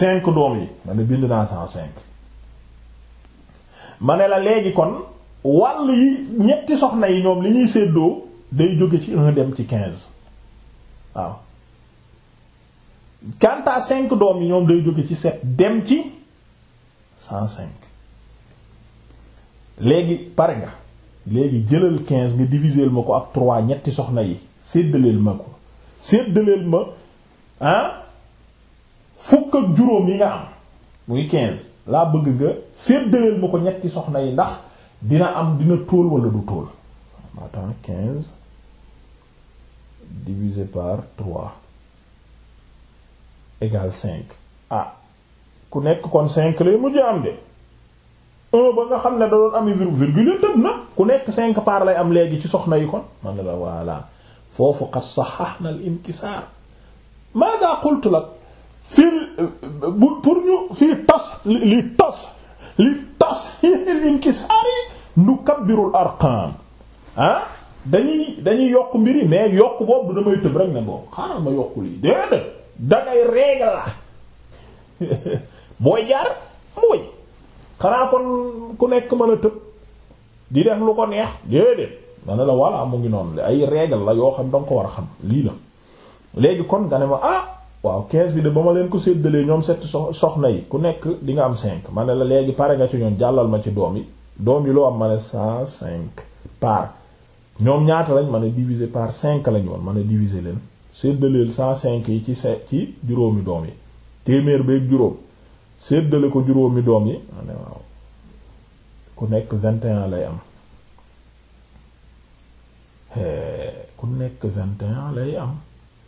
cinq doom yi ma ne bind naa cent cinq ma la léegi kon wàll yi ñetti soxna yi ñoom li ñuy séddoo day jóge ci un dem ci quinze waaw quant à cinq doom yi ñoom day jóge ci sept dem ci cent cinq léegi pare nga léegi jëlal 15 nga diviser ma ko ak 3 ñetti soxna yi séddaleel ma ko séddaleel ma juróom yi muy 15 laa bëgg nga ma ko ñetti soxna yi ndax dina am dina tóol wala du tóol attends 15 divisé par 3 égale 5 ah ku nekk kon cinq lay mujj am de un ba nga xam ne da doon am virgule yi tëb na ku nekk cinq par lay am léegi ci soxna yi kon man la voilà foofu qad sahhahna al inkisaar maada lak fii pour ñu fii tas li tas li tas al inkisaar yi nukabbiru al arqam ah dañuy yokk mbiri yi yokk boobu du damay tëb rek ne boobu xaaral ma yokk lii déedéet dangay réegla booy jaar mooy. xanaa kon ku nekk mën a tëb di def lu ko neex déedéet ma ne la voilà mu ngi noonu ay règle la yoo xam da nga ko war a xam lii la léegi kon nga ne ma ah waaw 15 bi de ba ma leen ko séddalee ñoom set soxna yi ku nekk di am cinq ma ne la léegi pare nga ci ñoom jàllal ma ci doom yi doom yi loo am ma ne 105 par ñoom ñaata lañ ma ne diviser par cinq lañ woon ma ne diviser leen cent cinq yi ci ci juróomi doom yi téeméer beeg juróom. séddale ko juróomi doom yi ma waaw ku nekk vingt et lay am eh, ku nekk vingt et un lay am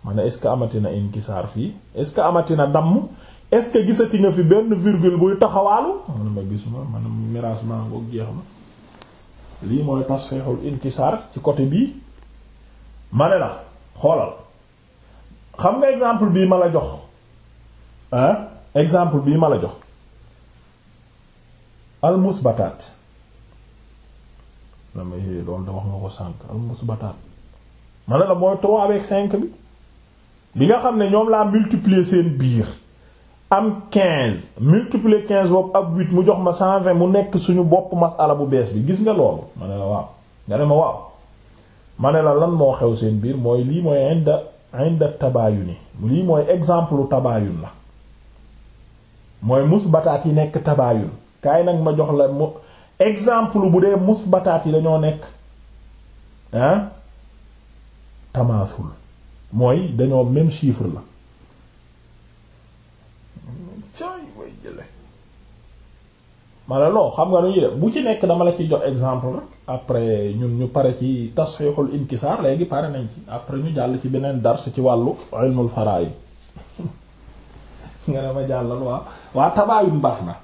ma ne est-ce que amatina inkisaar fii est-ce que amatina damm est-ce que gisati nga fi benn virgule buy taxawaalu ma ne ma gisuma ma ne miraas maa ngoog jeex na lii mooy tasfihul inkisaar ci côté bii ma ne xoolal xam nga exemple bii ma la jox exemple bii ma la jox almusbataat dama yéey eh, loolu da wax ko sànk almusbataat ma ne la mooy trois avec cinq bi li nga xam ne ñoom laa multiplier seen biir am quinze multiplier quinze boobu ab huit mu jox ma cent mu nekk suñu bopp masala bu bees bi gis nga loolu ma ne la waaw nga ne ma waaw ma ne la lan moo xew seen biir mooy lii mooy inda inda tabaayuni lii mooy exemple tabaayun la mooy musbataat yi nekk tabaayun kaay nag ma jox la mu exemple bu dee musbataat yi dañoo nekk ah tamaasul mooy dañoo même chiffre la ma ne loo xam nga nu ñuy def bu ci nekk dama la ci jox exemple rek après ñun ñu pare ci tasxiixul inkisaar léegi pare nañ ci après ñu jàll ci beneen dars ci wàllu ilmul faraa'id nga ne ma jàllal waa waa tabaayun baax na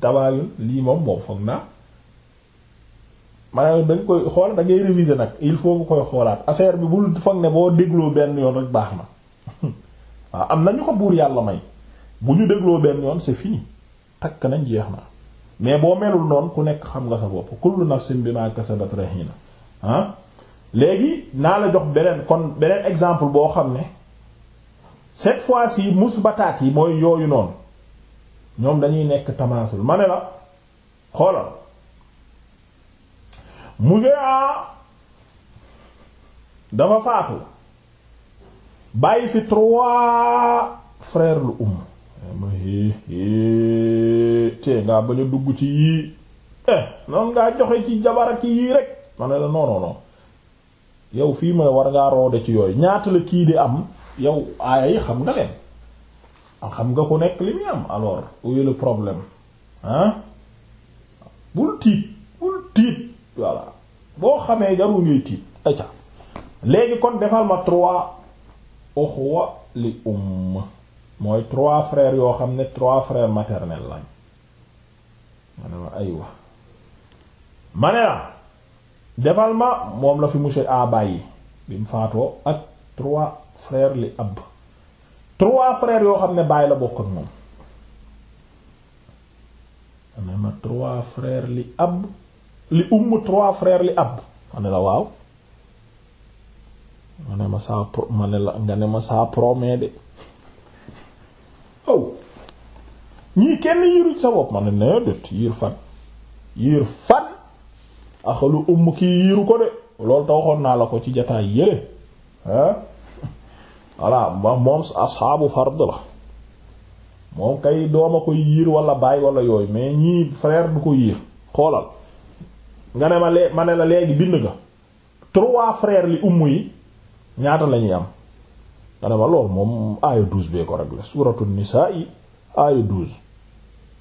tabaayun lii moom moom foog naa ma da koy xool da ngay réviser nag il faut nga koy xoolaat affaire bi bul foog ne boo dégloo benn yoon rek baax na waaw am na ñu ko buur yàlla may bu ñu dégloo benn yoon c'est fini takk nañ jeex na mais boo melul noonu ku nekk xam nga sa bopp kullu nafsin bima kasabat rahina ah léegi naa la jox beneen kon beneen exemple boo xam ne. cette fois mus bataat yi mooy yooyu noonu ñoom dañuy nekk tamaasul ma ne la xoolal Muzaa ah, dama faatu bàyyi fi trois frères lu um tee ngaa bañ a dugg ci yii eh ngaa joxe ci jabar ak yii rek ma ne la non non yow fii ma war ngaa roode ci yooyu ñaata la kii di am yow aaya yi xam nga leen ah, xam nga ku nekk li muy am alors où est problème ah bul tiit bul tiit voilà boo xamee jarul ngay tiit léegi kon defal ma trois uxwa li umm mooy trois frères yoo xam ne trois frères maternels lañ ma ne la aywa defal ma moom la fi monsieur a bàyyi bi mu faatoo ak trois frère li ab trois frères yoo xam ne bàyyi la bokk ak moom ne ma trois frères li ab li umm trois frères li ab ma la waaw ma ne ma saa pro ma ne la nga ne ma saa promet de oh ñii kenn yiiruñ sa bopp ma ne nee dét yiir fan yiir fan axalu umm kii yiiru ko de loolu taw naa la ko ci jataay yële voilà moom asxaabu fard la moom kay dooma koy yiir wala baay wala yooyu mais ñii frère du ko yiir xoolal nga ne ma lee ma ne la léegi bind nga trois frères li umm yi ñaata lañuy am nga ne ma lool moom aaya douze bee ko réglé suuratu nisaa yi aaya douze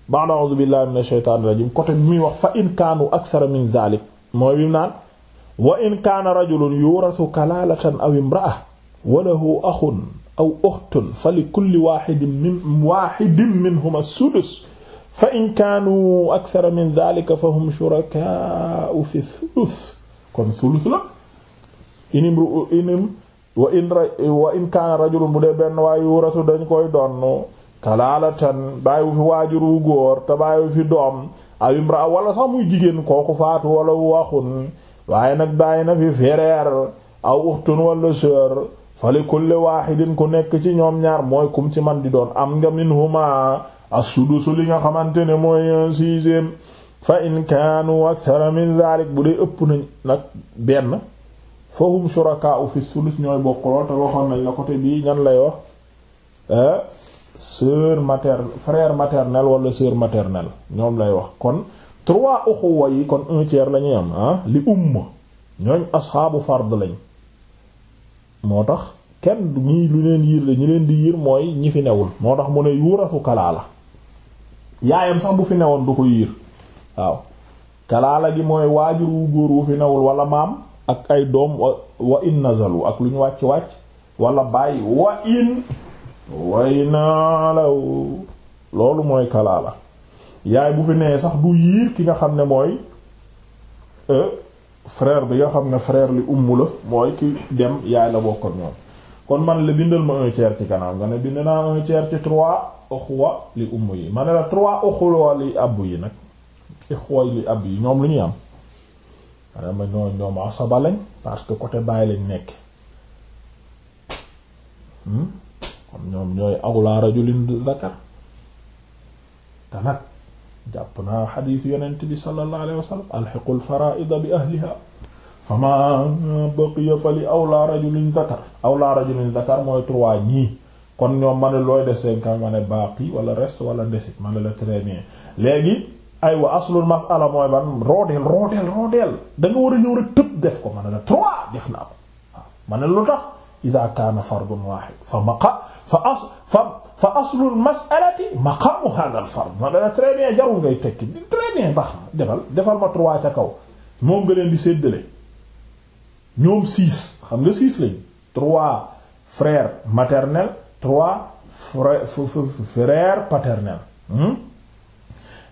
ba'da a'uuzu billahi minash shaytaanir rajiim côté muy wax fa in kaanu akthara min dhalik mooy bi mu naan wa in kaana rajulun yurathu kalaalatan aw imra'a walahu axun aw uxtun fa li kulli waaxidin min waaxidin minhuma sudus fa in kaanu fi thuluth kon thuluth la in wa in kaana rajulun bu dee benn waaye wuratu dañ koy donn kalaalatan bàyyi fi waajuru góor te bàyyi fi doom aw imraa wala sax muy jigéen kooku faatu wala waxun waaye nag fi frère aw uxtun wala sœur fa li kulli waahidin ku nekk ci ñoom ñaar mooy kum ci man di doon am nga minhuma as-sudusu li nga xamante ne mooy un sixième fa in kaanu min dhalik bu dee ëpp nañ nag benn fa hum shurakaa'u fi sulus ñooy bokkuloo te waxoon nañ la côté bii ñan lay wax eh, sœur maternelle frère maternel wala sœur maternelle ñoom lay wax kon trois uxuwa yi kon un tiers la am ah li umma ñooñ asxaabu fard lañ moo tax kenn ñi lu leen yiir la ñu leen di yiir mooy ñi fi newul moo tax mu ne yuurasu kalaa la yaayam sax bu fi newoon du ko yiir waaw kalaala gi mooy waajur wu góor wu fi newul wala maam ak ay doom wa in nazalu ak lu ñu wàcc wàcc walla bàyyi wa in way naalaw loolu mooy kalaala yaay bu fi nee sax du yiir ki nga xam ne mooy euh, frère bi nga xam ne frère li ummu la mooy ki dem yaay la bokk ñoom kon man la bindal ma un tiers ci kanam nga ne bind naa un tiers ci trois yi ne nag yi ñoom lu ñuy am xanaa ma ñoo ñoom asaba lañ parce que côté baay lañ nekk hmm? kon ñoom ñooy awla rajulin zakar te nag jàpp naa xadiis yonent bi sallallahu alayhi wa sallam alxiqul faraa'ida bi ahliha fama baqiya fali awla rajulin zakar awla rajulin zakar mooy trois ñii kon ñoom ma ne looy def seen kan ma ne baaqi wala reste wala ndesit ma ne la très bien léegi aywa aslul masala mooy ban roodeel roodeel roodeel da nga war a ñëw rek tëb def ko ma ne la trois def naa ko waaw ma ne lu tax ida kaana fardun wahid fa maqa fa fa aslu al-mas'alati maqamu hadha al-fard ma dana ngay tekki très trois ca kaw moom nga leen di séddale ñoom six xam nga six lañ trois frères maternels trois frères paternels hmm?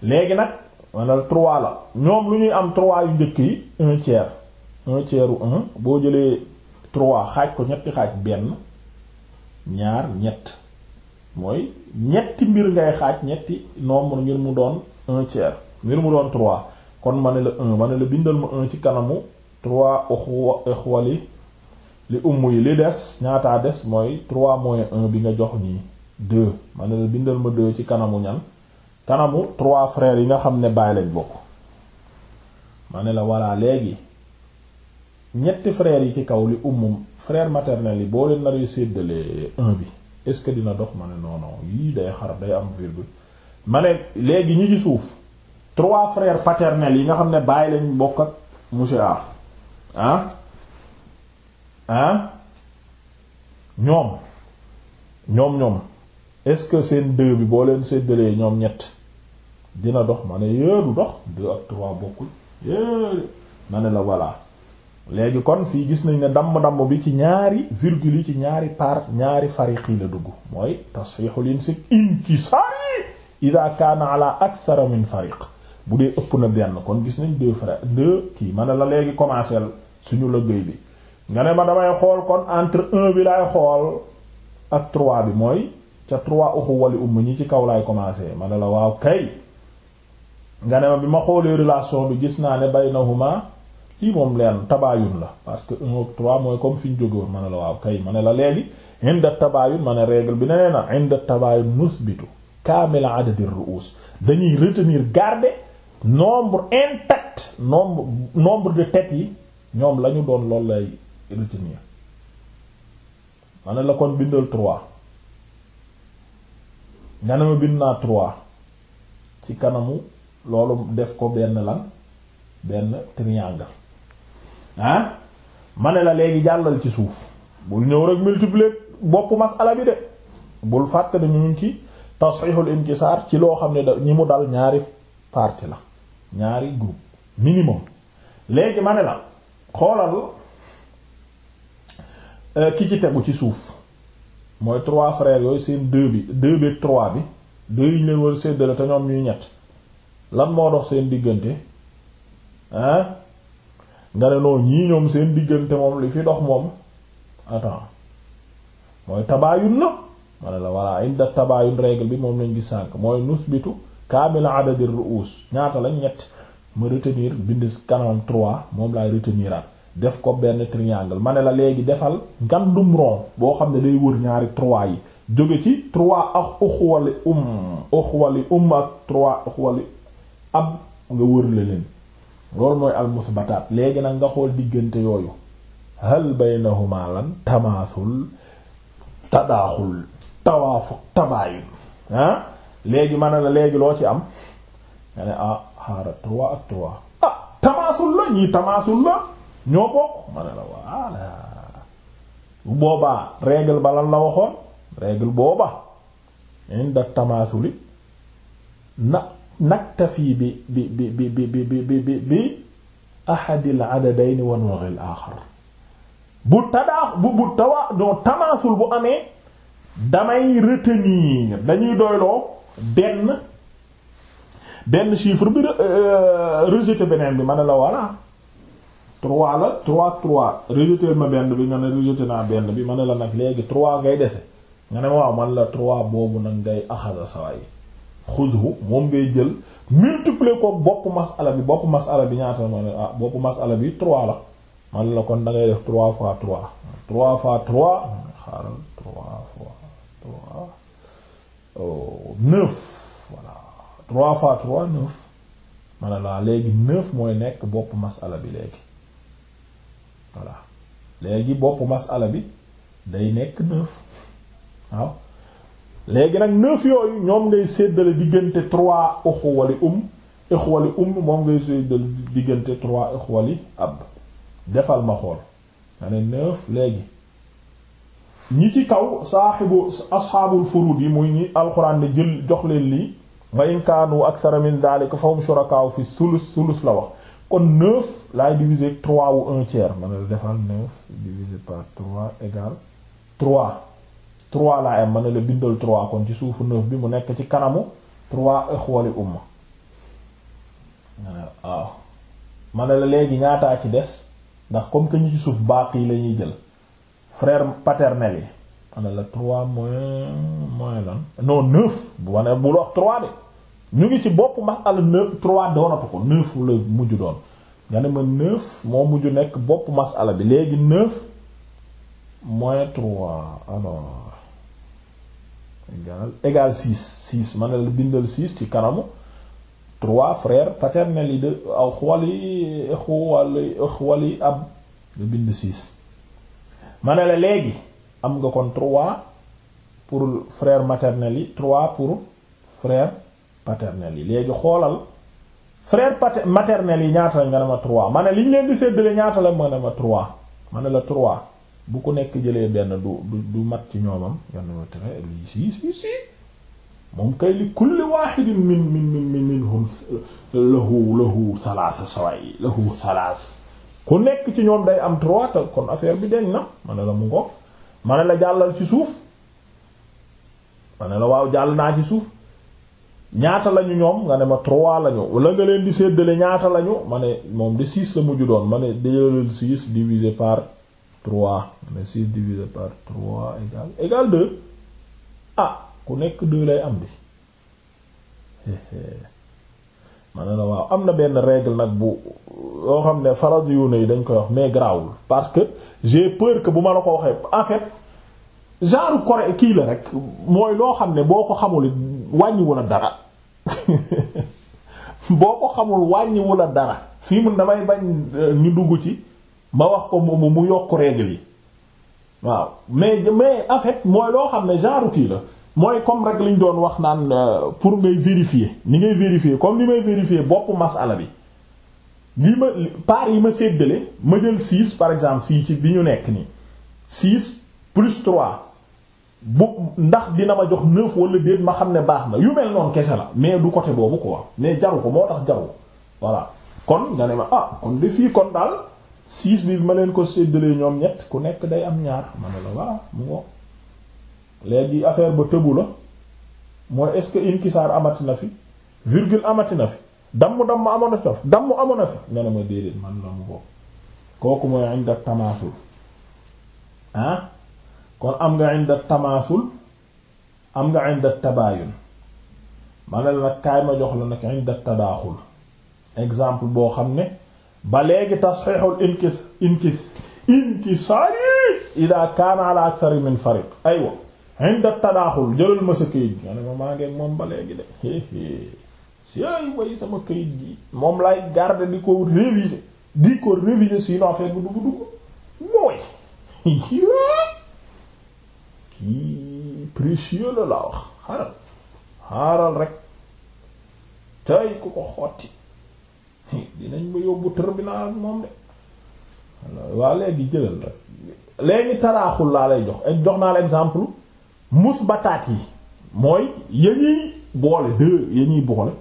léegi nag manal trois la ñoom lu ñuy am trois yu njëkk yi boo jëlee trois xaaj ko ñetti xaaj benn ñaar ñett mooy ñetti mbir ngay xaaj ñetti nombre ngir mu doon un tiers ngir mu doon trois kon ma ne la un ma ne la bindal ma un ci kanamu trois uxwa li li umm ñaataa des mooy trois moins bi nga jox nii deux ma ma ci kanamu ñan kanamu trois frair yi nga xam ne bàyyi lañ bokk ma ne la voilà léegi ñetti frère yi ci kaw li umum frère maternel yi boo leen naree séddale un bi est-ce que dina dox ma ne noonoo yii day xar day am virgule ma ne léegi ñi ci suuf trois frères paternels yi nga xam ne bàyyi lañ bokk ak monsieur A ah ah ñoom ñoom ñoom est-ce que seen deux bi boo leen séddalee ñoom ñett dina dox ma ne yéedu dox deux ak trois bokkul yée ma ne la voilà léegi kon fii gis nañ ne damm damb bi ci ñaari virgule yi ci ñaari par ñaari fariqi la dugg mooy si tasxiixul inkisaari ida kaana ala aksara min fariq bu dee ëpp na benn kon gis nañ deux fra deux kii ma ne la léegi commencé suñu lëggéey bi nga ne ma damay xool kon entre un bi laay xool ak trois bi mooy ca trois uxu wali umm ñi ci kaw laay commencé ma ne la waaw kay nga ne ma bi ma xoolee relation bi gis naa ne baynahuma lii moom leen tabaayun la parce que un ak trois mooy comme fi ñu jóge ma ne la waaw kay ma ne la léegi inda tabaayun ma ne bi ne nee na inda tabaayun nuthbitu kaamil adadi ru'us dañuy retenir garder nombre intact nombre nombre de têtes yi ñoom lañu doon loolu lay retenir ma ne la kon bindal trois nga ne ma bind naa trois ci kanamu loolu def ko benn lan benn triangle ah ma ne la léegi jàllal ci suuf bul ñëw rek multiplier boppu masala bi de bul fàtte ne ñu ngi ci tasxiixul inkisaar ci loo xam ne da ñi mu dal ñaari parti la ñaari groupe minimum léegi ma ne la xoolal euh, ki ci tegu ci suuf mooy trois frères yooyu seen deux bi deux trois bi deux yi ñu leen war séddale te ñoom ñuy ñett lan moo dox seen diggante ah nga ne noonu ñii ñoom seen diggante moom li fi dox moom attends mooy tabaayun la ma ne la walla inda tabaayun règle bi moom lañ gis sànk mooy nusbitu kaamila adadi ru'us ñaata lañ ñett ma retenir bind kanamam 3 moom laay retenir def ko benn triangle ma ne la léegi defal ngandum rond boo xam ne day wër ñaari 3 yi jóge ci 3 ak uxwali um uxwali um ak 3 uxwali ab nga wër leen loolu mooy almusbataat léegi nag nga xool diggante yooyu hal baynahuma lan tamaasul tadaaxul tawaafuk tabaayun ah, léegi ma ne la léegi loo ci am nga ne ah xaaral trois trois ah tamaasul la ñii tamaasul la ñoo bokk ma ne la voilà boobaa règle ba la waxoon règle booba inda tamaasuli na naktafi bi bi bi bi bi bi bi bi bi ahadil adadayn wa nu'ri al-akhar bu tadaa bu bu tawa doo tamaasul bu amee damay retenir dañuy doyloo benn benn chiffre bi euh, rejeté beneen bi ma ne la voilà trois la trois trois rejeté ma benn bi nga ne rejeté naa benn bi ma ne la nag léegi trois ngay dese nga ne waaw man la trois boobu nag ngay axada sawaay xudhu moom ngay jël multiplier ko bopp masala bi bopp masala bi ñaata ma ne ah bopp masala bi 3 la man la kon da ngay def 3 fois 3 3 fois 3 xaaral 3 fois oh, fois 3 9 ma ne léegi 9 mooy nekk bopp masala bi léegi voilà léegi bopp masala bi day nekk 9 waaw. léegi nag neuf yooyu ñoom ngay séddale diggante trois uxwali um uxwali um moom ngay séddale diggante trois uxwali ab defal ma xool nga ne neuf léegi ñi ci kaw saaxibu asxaabul furud yi muy ñi alxuraan ne jël jox leen lii wa in kaanu akthara min dhalika fahum shurakaa'u fi thuluth thuluth la wax kon la defal neuf divisé par trois trois laa am ma ne la bindal trois kon ci suufu neuf bi mu nekk ci kanamu trois ixwali umma waaw ma ne la léegi ñaataa ci des ndax comme que ci suuf baaq yi la ñuy jël frère paternel yi ma ne la trois moins moins lan non neuf bu ma ne bul trois de ñu ngi ci bopp masala neuf trois doonatu ko neuf la mujj doon nga ne ma neuf moo mujj nekk bopp masala bi léegi neuf moins trois égal égal 6 6 ma ne la bindal 6 ci kanamu trois frères paternels yi de aw xwali xwali xwali ab nga bind 6 ma la léegi am nga kon trois pour frère maternel yi trois pour frère paternel yi léegi xoolal frère paternel yi ñaata la nga ne ma trois ma ne liñ leen di séddale ma ne ma trois la trois bu ku nekk jëlee benn du du mat ci ñoomam yanwa tre si si si moom kay li kulli wahidin min min min min minhum salaasa saway lahu salaas ku nekk ci ñoom day am trois kon affaire bi deñ na ma ne la mu ngoog ma ne la jàllal ci suuf ma ne la waaw jàll naa ci suuf ñaata lañu ñoom nga ne ma trois lañu la nga leen di séddale ñaata lañu ma ne moom de six la mujju doon ma ne déjëlal six divisé par 3 mais 6 divisé par 3 égale égale ah ku nekk 2 lay am di ma ne la waaw am na benn règle nag bu loo xam ne farad yu yi dañ koy wax mais grawul parce que j'ai peur que bu ma la ko waxee en fait genre coré kii la rek mooy loo xam ne boo ko xamul wàññiwu la dara boo ko xamul wàññiwu la dara fii mun damay bañ euh, ñu dugg ci ma wax ko moom mu yokk règle yi waaw mais mais en fait mooy loo xam ne genre kii la mooy comme rek liñ doon wax naan euh, pour ngay vérifier ni ngay vérifier comme ni may vérifier boppu masala bi li ma par yi ma séddale ma jël 6 par exemple fii ci bi ñu nekk nii 6 plus 3 bu ndax dina ma jox 9 wala déet ma xam ne baax na yu mel noonu kese la mais du côté boobu quoi mais jaru ko moo tax jaru ko voilà kon nga ne ma ah kon de kon daal. six bi ma leen ko séddalee ñoom ñett ku nekk day am ñaar ma ne la waaw mu ngo léegi affaire ba tëbu la mooy est-ce que inkisaar fi virgule amati na fi dam damm amoon na fi damm amoon a fi nga ne ma déedéet man la mu ngo kooku mooy a tamaasul ah kon am nga inda tamaasul am nga inda tabaayun ma ne la nag kaay ma jox exemple boo xam ne ba léegi tasxiixul inkis inkis inkisaari ida kaana ala akthar min fariq aywa inda tadaaxul jëlal ma sa këyit gi nga ne ma maa ngeeg moom ba léegi de siy way sama këyit gi moom lay garder di ko réviser di ko réviser sinon affaire bu dugg dugg mooy kii précieux la laa wax xaaral xaaral rek tey ku ko xotti dinañ ma yóbbu tribunal ak moom de waa léegi jëlal la léegi taraaxul laa lay jox jox naa la exemple mus bataat yi mooy yañuy boole deux yañuy boole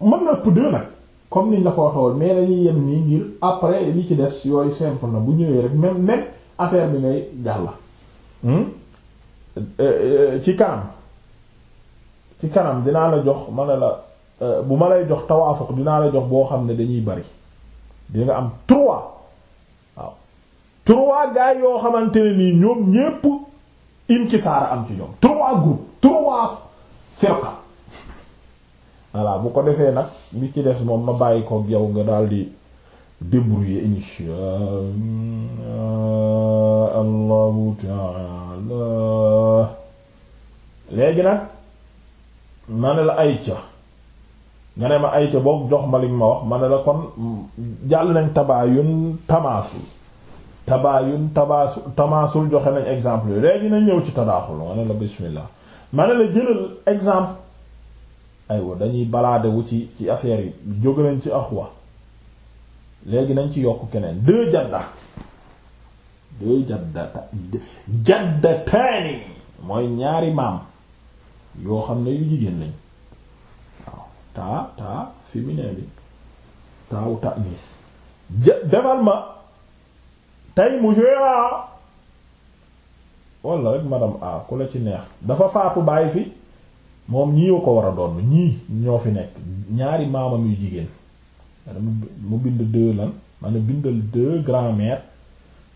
mën na ëpp deux nag comme niñ la ko waxee woon mais dañuy yem nii ngir après li ci des yooyu simple na bu ñëwee rek même même affaire bi ngay jàll hmm? euh, euh, ci kanam ci kanam dinaa la jox ma ne la Euh, bu ma lay jox tawaafuq dinaa la jox boo xam ne dañuy bari di am trois waaw trois gars yoo xamante ne nii ñoom ñépp inkisaara am ci ñoom trois groupes trois firqa voilà bu ko defee nag bi ci des moom ma bàyyi ko yow nga daal di débrouiller insha allahu taala léegi nag ma la ay ca nga ne ma ayte boog jox ma liñ ma wax ma ne la kon jàll nañ tabaayun tamaasul tabaayun tabaasul tamaasul joxe nañ exemple yooyu léegi nañ ñëw ci tadaaxul nga ne la bismillah ma ne la jëlal exemple aywa dañuy balaadewu ci ci affaire yi jóge nañ ci axwa léegi nañ ci yokk keneen deux jadda deux jaddataani mooy ñaari maam yoo xam ne yu jigéen lañ taa taa féminin bi taawu ta'nis defal ma tey monsieur A walla rek madame A ku la ci neex dafa faatu bàyyi fi moom ñii ko war a doon ñii ñoo fi nekk ñaari maamam yu jigéen mu bind deux lan man bindal deux grand-mère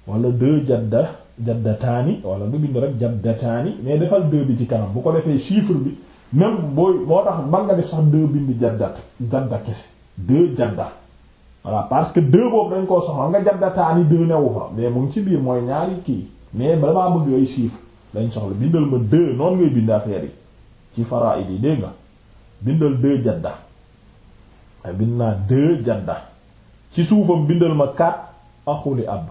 wala deux jadda jaddataani wala du bind rek jaddataani mais defal deux bi ci kanam bu ko defee chiffre bi même booy moo tax mën nga def sax deux bind jaddat jadda kese deux jadda voilà parce que deux boobu dañ koo soxla nga jaddataani deux newu fa mais mu ci biir mooy ñaari kii mais damaa bëgg ay chiffres dañ soxla bindal ma deux noonu ngay bind affaire yi ci faraa'id yi dégg nga bindal deux jadda bind naa deux jadda ci suufam bindal ma quatre axuli ab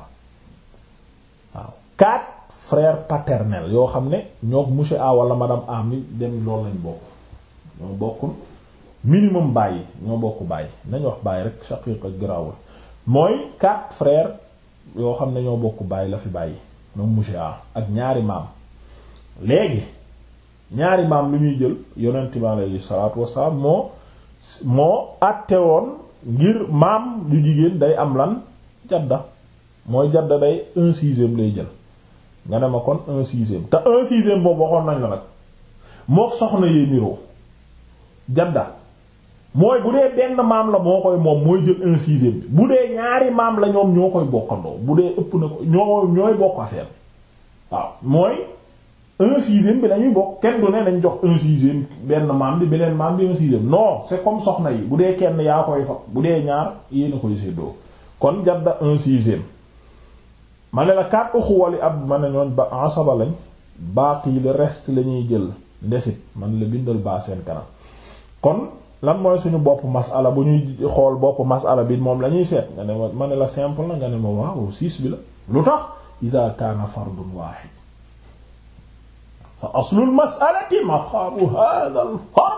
waaw quatre frère paternel yoo xam ne ñoo monsieur A wala madame A mi dem loolu lañ bokk ñoo bokkul minimum bàyyi ñoo bokk bàyyi nañ wax bàyyi rek shaqiq ak grawul mooy quatre frères yoo xam ne ñoo bokk bàyyi la fi bàyyi ñoom monsieur ak ñaari maam léegi ñaari maam lu ñuy jël yonent bi alayhi salaatu wassalaam moo moo àtte woon ngir maam lu jigéen day am lan jadda mooy jadda day un lay jël nga ne ma kon un sixième te un sixième boobu waxoon nañ la nag moo soxna yee niroo jadda mooy bu dee benn maam la moo koy moom mooy jël un sixième bi bu dee ñaari maam la ñoom ñoo koy bokkandoo bu dee ëpp na ko ñoo ñooy bokk affaire waaw mooy un sixième bi lañuy bokk kenn du ne nañ jox un sixième benn maam bi beneen maam bi un sixième non c'est comme soxna yi bu dee kenn yaa koy fa bu dee ñaar yéen a koy séddoo kon jadda un sixième ma ne la kat uxuwali ab ma ne ñooñ ba asaba lañ baaq yi le reste la ñuy jël ndesit man la bindal baa seen kanam kon lan mooy suñu bopp masala bu ñuy xool bopp masala bi moom la ñuy seet nga ne ma ma la simple na nga ne ma waaw siis bi la lu tax ida kaana fardun waaxid fard waaw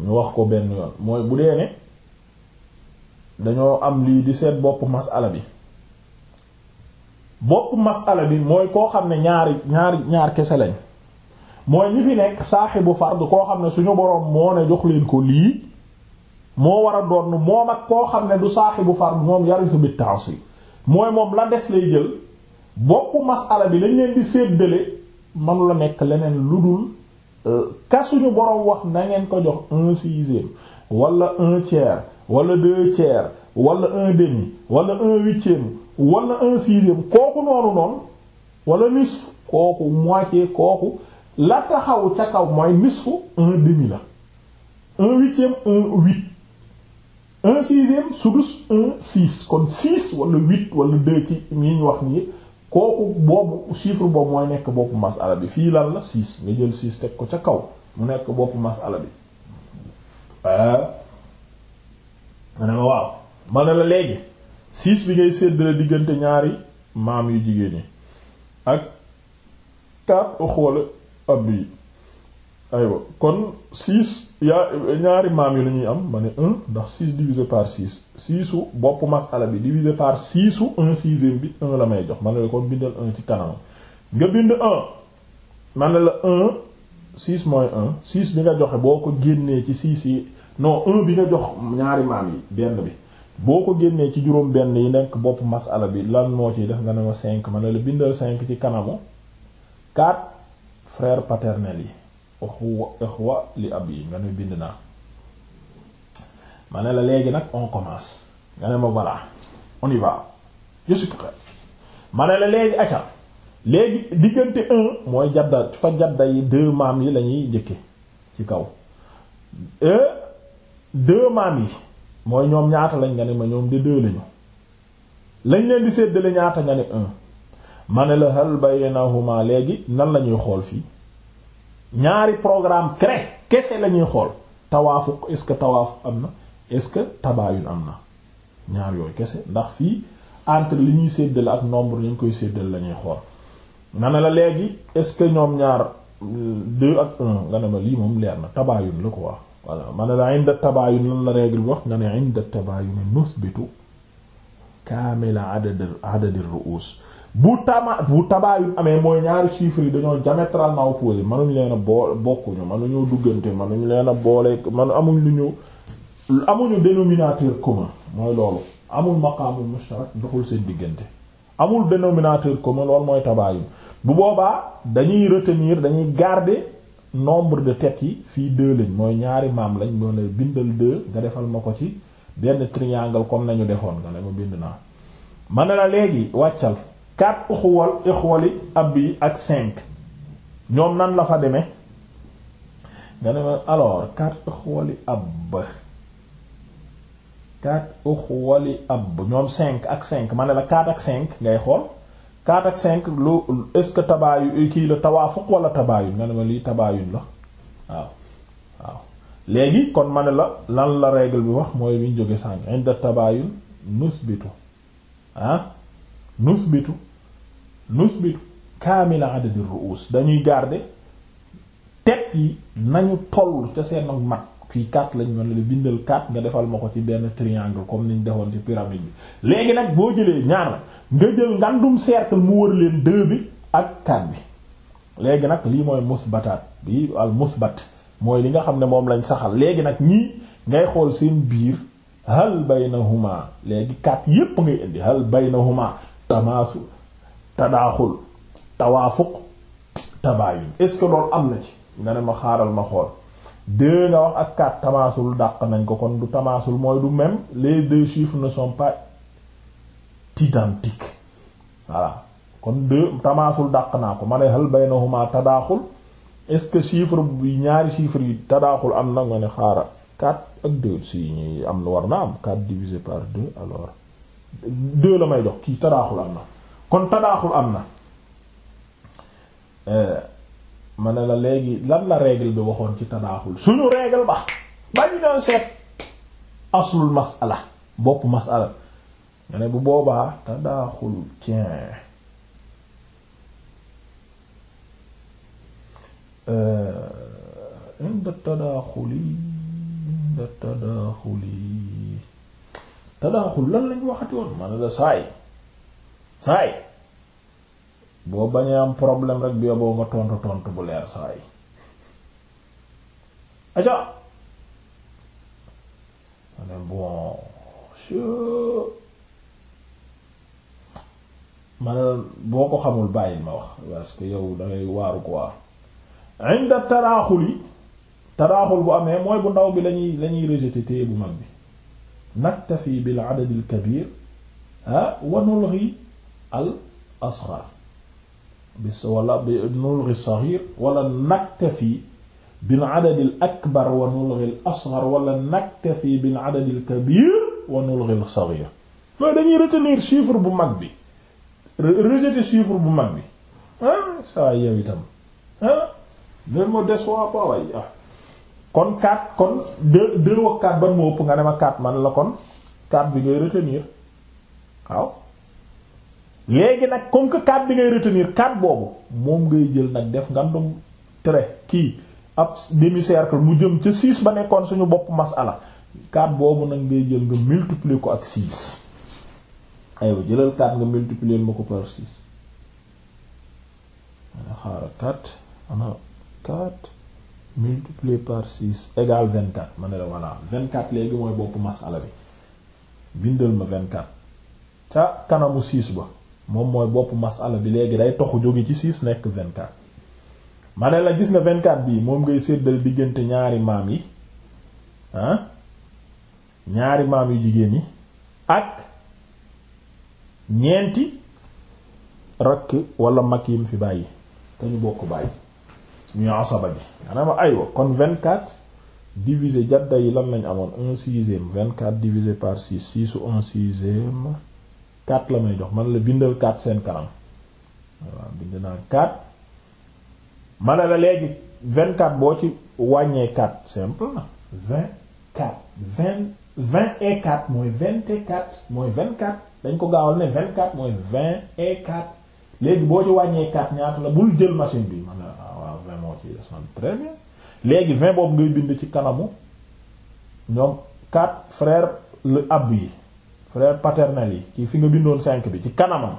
ñu wax ko benn yoon mooy bu dee ne dañoo am lii di seet bopp masala bi bopp masala bi mooy koo xam ne ñaari ñaari ñaar kese lañ mooy ñi fi nekk saaxibu fard koo xam ne suñu boroom moo ne jox leen ko lii moo war a doon moom ak koo xam ne du saaxibu fard moom yarisu bi ta'sib mooy moom la des lay jël bopp masala bi lañ leen di séddale manu la nekk leneen lu dul euh, ka suñu boroom wax nangeen ko jox un sixième wala un wala un demi wala un huitième wala un sixième kooku noonu noonu wala nisf kooku moitié kooku la taxaw ca kaw mooy nisfu un demi la un huitième un huit un sixième sudus un six kon six wala huit wala deux ci yi wax nii kooku boobu chiffre boobu mooy nekk boppu masala bi fii lan la six nga jël six teg ko ca kaw mu nekk boppu masala bi. Ah. waaw ma ne la léegi six bi ngay séddale diggante ñaari maam yu jigéen ñi ak quatre uxwala ab yi aywa kon six yaa ñaari maam yi la ñuy am ma ne un ndax six divisé par six sisu bopp masala bi divisé par sisu un sixième bi un la jox ma ne la kon bindal un ci kanam nga bind un ma la un six mooy un six bi nga joxe boo ko génnee ci six yi no un bi nga jox ñaari maam yi benn bi boo ko génnee ci juróom benn yi nekk bopp masala bi lan moo ciy def nga ne ma cinq ma ne la bindal cinq ci kanamu quatre frères paternels yi axwa axwa li ab yi nga ne bind naa ma la léegi nag on commence nga ne ma voilà on y va je suis ma la léegi acca léegi diggante un mooy jadda fa jadda yi deux maam yi lañuy njëkke ci kaw deux maam yi mooy ñoom ñaata lañ nga ne ma ñoom de deux lañu lañ leen di séddale ñaata nga ne un ma ne la hal baynahuma léegi nan la ñuy xool fii ñaari programme cré kese lañuy xool tawaafuq est-ce que tawaafuk am na est-ce que tabaayun am na ñaar yooyu kese ndax fii entre li ñuy séddale ak nombre ñu koy séddale la ñuy xool nga ne la léegi est-ce que ñoom ñaar euh, deux ak un nga ne ma lii moom leer na tabaayun la quoi voilà ma ne la inda tabaayun lan la règle wax nga ne inda tabaayun nuthbitu kaamila adad adad ru'us bu tama bu tabaayun amee mooy ñaari chiffres yi dañoo diamétralement opposés mënuñ leen a boole bokkuñu mënuñoo duggante mënuñ leen a boole man amuñ lu ñu amuñu dénominateur commun mooy loolu amul maqaamul mushtarak doxul seen diggante amul dénominateur commun loolu mooy tabaayun bu boobaa dañuy retenir dañuy garder. nombre de têtes yi fii deux lañ mooy ñaari maam lañ moo ne bindal nga defal ma ko ci benn triangle comme nañu defoon nga ne bind naa ma ne la léegi wàccal quatre uxuwal uxuwali ab yi ak cinq ñoom nan la fa demee nga ne ma alors quatre ab quatre uxuwali ab ñoom cinq ak cinq ma la quatre ak cinq ngay xool 4 ak 5 lu est-ce que tabaayu kii la tawaafuq wala tabaayun nga ne ma lii tabaayun la waaw waaw léegi kon ma ne la lan la règle bi wax mooy biñ jóge sànq inda tabaayun nusbitu ah nusbitu nusbitu kaamila adadi ru'us dañuy garder tête yi nañu toll ca seen mat fii 4 lañ mën la bindal 4 nga defal ma ko ci benn triangle comme niñ defoon ci pyramide bi léegi nag boo jëlee ñaar nga jël ngandum cercle mu wër leen 2 bi ak 4 bi léegi nag lii mooy musbataat bi al musbat mooy li nga xam ne moom lañ saxal léegi nag ñii ngay xool seen biir hal baynahuma léegi 4 yépp ngay indi hal baynahuma tamaasu tadaaxul tawaafuq tabaayun est ce que loolu am na ci nga ne ma xaaral ma xool deux nga wax ak quatre tamaasul dàq nañ ko kon du tamaasul mooy du même les deux chiffres ne sont pas identiques voilà kon deux tamaasul dàq naa ko ma ne hal tadaaxul est-ce que chiffre bi ñaari chiffres yi tadaaxul am na nga ne xaaral quatre ak deux si ñuy am lu war na am quatre divisé par deux alors deux la may jox kii tadaaxul am na kon tadaaxul am na euh, ma ne la léegi lan la règle bi waxoon ci tadaaxul suñu règle ba ba ñu doon seet aslul masala bopp masala nga ne bu boobaa tadaaxul tien euh, inda tadaaxuli inda tadaaxuli tadaaxul lan lañu waxati woon ma ne la saay saay boo bañee am problème rek bi yoboo nga tontu tontu bu leer saa yi aja ma ne boo ko xamul bàyyil ma wax parce que yow dangay waaru quoi inda taraaxul yi taraaxul bu amee mooy bu ndaw bi lañuy lañuy téye bu mag bi naktafi bil ah, al kabir bis wala bi nulghi as-saghir wala naktafi bil adad akbar wa nulghi al-asghar wala naktafi bil adad al wa nulghi al-saghir loolu dañuy bu mag bi rejeter chiffre bu mag bi ah yow itam ah len ma des waa baway ah kon 4 kon 2 2 ak 4 ban ëpp nga ne ma man la kon 4 bi ngay retenir waaw léegi nag comme que cadre bi ngay retenir cadre boobu moom ngay jël nag def ngandum trait kii ab demi-cercle mu jëm ca 6 ba nekkoon suñu bopp masala cadre boobu nag ngay jël nga multiplier ko ak 6 aywa jëlal 4 nga multiplier ko par 6 ana xaaral 4 ana ma ne la voilà 24 léegi mooy bopp masala bi bindal ma 24 ca kanamu 6 ba moom mooy bopp masala bi léegi day toxu jóge ci 6 nekk 24 ma ne la gis nga 24 bii moom ngay séddal diggante ñaari maam yi ah, ñaari maam yi jigéen yi ak ñeenti rakk wala mag yim fi bàyyi te ñu bokk bàyyi ñu asaba bi maanaam aywa kon 24 divisé jadda yi lan lañ amoon 1 sixième 24 divisé par 6 6 ou 1 sixième quatre la may jox man la bindal quatre seen kanam voilà bind naa quatre ma ne la léegi vingt quatre boo ci wàññee quatre simple na vingt quatre vingt vingt quatre mooy vingt et quatre mooy vingt quatre dañ ko gaawal ne vingt quatre mooy vingt et quatre léegi boo ci wàññee quatre ñaata la bul jël machine bi ma ah, ci boobu ngay bind ci kanamu ñoom quatre frères le ab yi. frère paternel yi ci fi nga bindoon cinq bi ci kanamam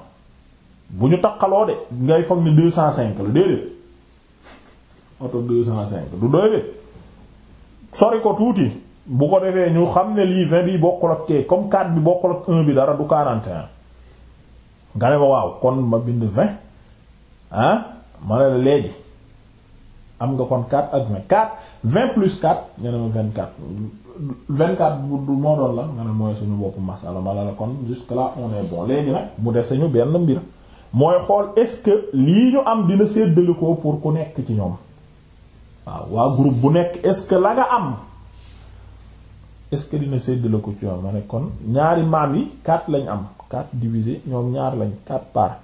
bu ñu taqaloo de ngay foog ne deux cent cinq la déedéet oto deux cent cinq du déedéet sori ko tuuti bu ko defee ñu xam ne lii vingt bi bokkul ak kee comme quatre bi bokkul ak un bi dara du quarante et nga ne ma waaw kon ma bind vingt ah ma ne la léegi am nga kon quatre ak vingt quatre vingt plus quatre nga ne ma vingt quatre vingt-quatre bu moo doon la nga ne mooy suñu bopp masala ma la kon jusque là on est bon léegi nag mu dese ñu benn mbir mooy xool est-ce que lii ñu am dina séddale ko pour ku nekk ci ñoom waaw waa group bu nekk est-ce que la nga am est-ce que dina séddale ko ci ñoom ma ne kon ñaari maam yi quatre lañ am quatre divisé ñoom ñaar lañ quatre par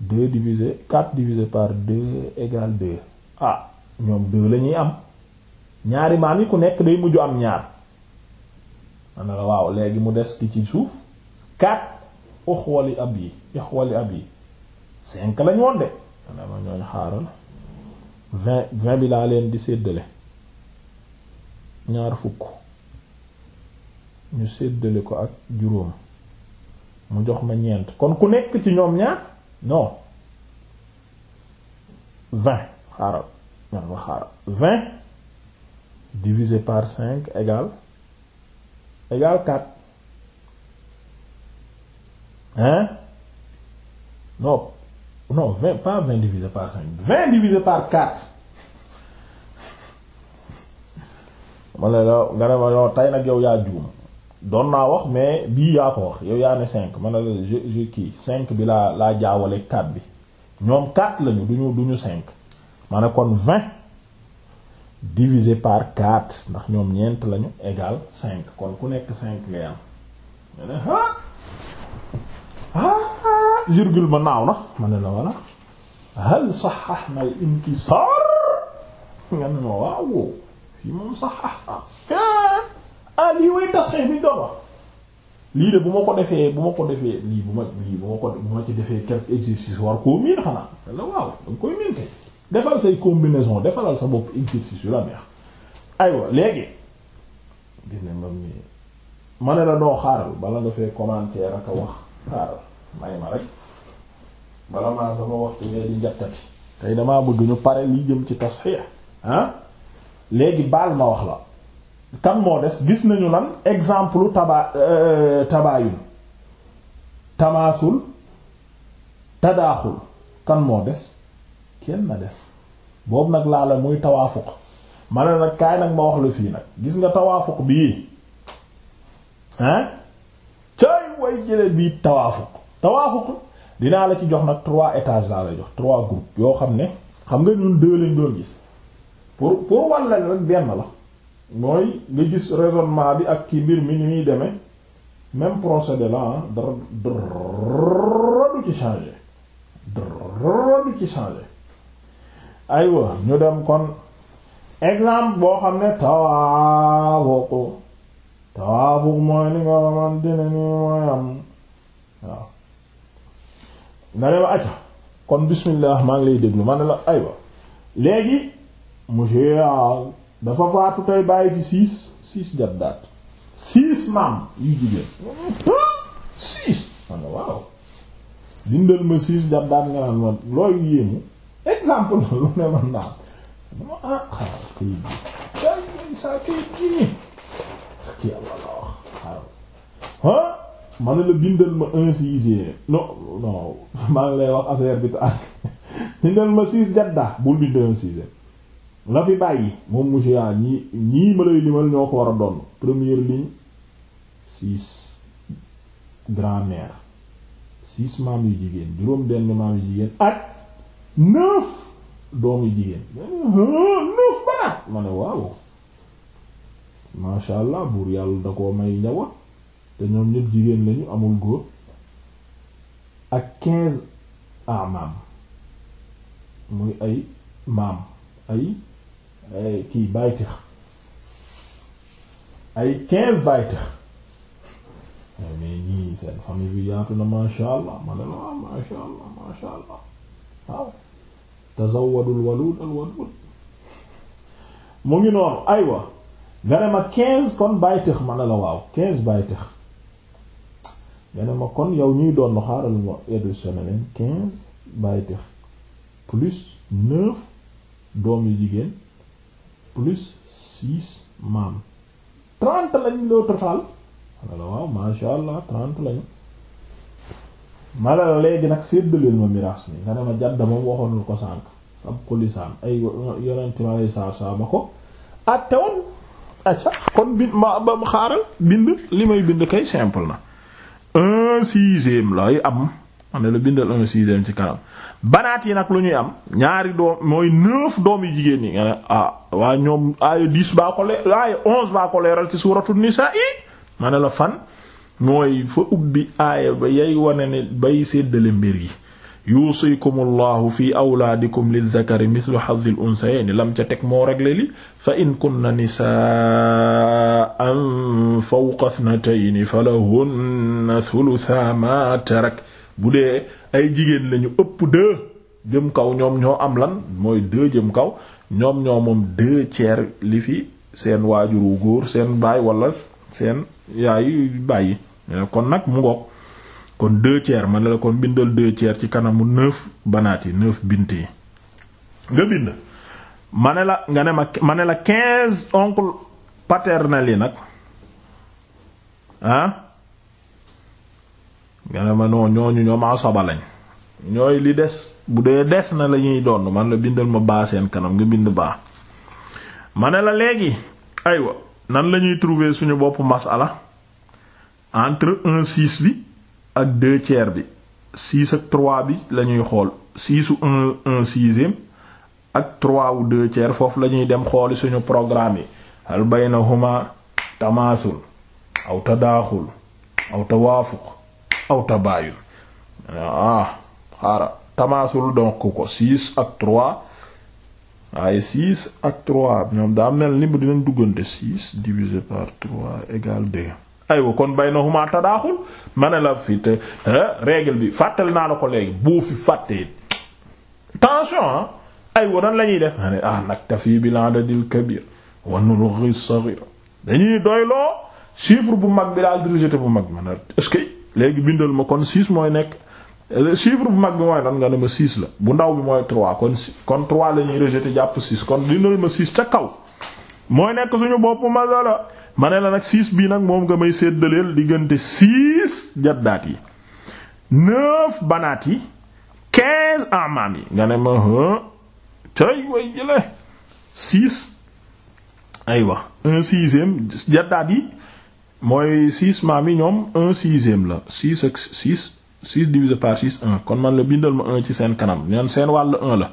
deux divisé quatre divisé par deux égale deux ah ñoom deux la am ñaari maam yi ku nekk day mujju am ñaar ma ne la waaw léegi mu des ki ci suuf quatre uxwali ab yi uxwali ab yi cinq lañ woon de ma ne ma ñooñ xaaral vingt vingt bi laa leen di séddale ñaar fukk ñu séddale ko ak juróom mu jox ma ñeent kon ku nekk ci ñoom ñaar non vingt xaaral ñaar ma xaaral vingt divisé par cinq égale égal 4 hein non non 20 pas 20 divisé par 5 20 divisé par 4 ma ne la nga ne ma yow tey nag yow yaa juum doon naa wax mais bii yaa ko wax yow yaa ne 5 ma ne je je kii bi laa laa jaawale 4 bi ñoom 4 lañu duñu duñu 5 ma ne kon 20 divisé par 4 ndax ñoom ñeent lañu égal cinq kon ku nekk 5 ngay am nga ne ah ah virgule ma naaw na ma ne la wala hal sahahna al inkisar nga ne ma waaw fii moom sahahna ah lii way tasxih bi doon wax lii de bu ma ko defee bu ma ko defee lii bu ma lii bu ma ko bu ma ci defee quelque exercice war koo miin xanaa la waaw danga koy miin defal say combinaison defalal sa bopp exercice yu la neex aywa léegi gis ne man mi ma ne la doo xaaral bala nga fee commentaire ak a wax xaaral may ma rek bala maa sama waxtu wee di njattati tey damaa bëgg ñu pare li jëm ci tasxiix ah léegi baal ma wax la kan moo des gis nañu lan exemple taba euh, tabaayun tamaasul tadaaxul kan moo des kenn na des boobu nag laa la muy tawaafuq ma ne nag kaay nag ma wax la fii nag gis nga tawaafuq bii ah cay way jële bii tawaafuq tawaafuq dinaa la ci jox nag trois étages laa lay jox trois groupes yoo xam ne xam nga ñun deux lañ gis pour pour walla rek benn la mooy nga gis raisonnement bi ak kii mbir mi ni muy demee même procédé la dara dara du ci changer dara du ci changer aywa ñu dem kon exemple boo xam ne tawaafuq tawaafuq mooy li nga xamante ne ni mooy am waaw nga dem acca kon bismillah maa ngi lay déglu ma ne la aywa léegi monsieur dafa faatu tey bàyyi fi six six jaddaat six maam yu jigéen six man waaw dindal ma six jaddaat nga naan ma looy yéemu exemple ah, ah, ah. man naa bi daal la bindal ma un sixième non non maa ngi lay wax affaire bi ta bindal ma six jadda bul bind un sixième la fi bàyyi moom monsieur yaa ñii ñii ma limal ñoo ko war a doon première ligne six grand-mère six maam yu jigéen juróom benn maam yu jigéen ak neuf doomu jigéen neuf banaat ma waaw masha allah buur yàlla da koo may njaboot te ñoom ñëpp jigéen lañu amul góor ak quinze amaam muy ay maam ay ay kii bàytix ay quinze bàytix mais ñii seen famille bi yaatu na masha allah ma la masha allah masha allah waaw tazawadul walud al walud mu ngi noonu aywa nga ne ma quinze kon bàyyi tëx ma ne la waaw quinze bàyyi tëx nga ma kon yow ñuy doon xaaral ma additionné leen quinze bàyyi tëx plus neuf doom yu jigéen plus six maam trente lañ loo total ma ne la waaw masha allah trente lañu ma la léegi nag séddaleel ma miraas mi nga ne ma jadda moom waxoonul ko sànk sab ko lisaan ay yonente ma lay saar saa ma ko atte woon acca kon bind ma ba xaaral bind li may bind kay simple na un sixième lay am ma ne la bindal un sixième ci kanam banaat yi nag lu ñuy am ñaari doom mooy neuf doom yi jigéen ñi nga ah waa ñoom aaya dix baa ko leer aaya onze baa ko leeral ci suuratu nisaa yi ma ne la fan mooy fa ubbi aaya ba yay wane ne bay séddale mbir yi yuusikum allahu fi awlaadikum lildakari mithlu hazzil unsayayni lam ca teg moo regle li fa in kunna nisaa'an fawqa ithnatayni falahunna thulutha ma tarak bu dee ay jigéen lañu ëpp deux jëm kaw ñoom ñoo am lan mooy deux jëm kaw ñoom ñoo moom deux tiers li fi seen waajuru góor seen baay wala seen yaayu baay yi kon nag mu ngoog kon deux tiers ma ne la kon bindal deux ci kanamu neuf banaat yi neuf bint yi nga bind ma ne la nga ne ma ma ne la quinze oncle paternel yi nag ah nga ne ma non ñooñu ñoom asaba lañ ñooy li des bu dee des na la ñuy doon man la bindal ma baa seen kanam nga bind baa ma ne la léegi aywa nan lañuy ñuy trouver suñu boppu masala entre un bi ak deux tiers bi six ak trois bi la ñuy xool sixu un un sixième ak trois ou deux tiers foofu la ñuy dem xooli suñu programme yi na baynahuma tamaasul aw tadaaxul aw tawaafuq aw tabaayun ah xaaral tamaasul donc ko six ak trois waaye 6 ak 3 ñoom daa mel ni bu dinañ duggante 6 divisé par 3 égale 2 aywa kon baynahuma tadaaxul ma ne la fi te bi fàttali naa la ko léegi boo fi fàttee tension ah aywa nan la ñuy def ma ne ah nag tafi bil adadil kabir wa nulghi saghir dañuy doyloo chiffre bu mag bi daal di rejeté bu mag ma ne est-ce que léegi bindal ma kon 6 mooy nekk euh, chiffre bu mag bi mooy lan ne ma 6 la bu ndaw bi mooy 3 kon kon 3 la ñuy rejeté jàpp 6 kon bindal ma 6 ca kaw mooy nekk suñu bopp masala ma la nag six bii nag moom nga may séddaleel diggante six jaddaat yi neuf banaat yi quinze amaam yi nga ne ma hë cay way jële six aywa un sixième jaddaat yi mooy six maam yi ñoom un sixième la six ak six six par six un kon man la bindal ma un ci seen kanam ñoom seen wàll un la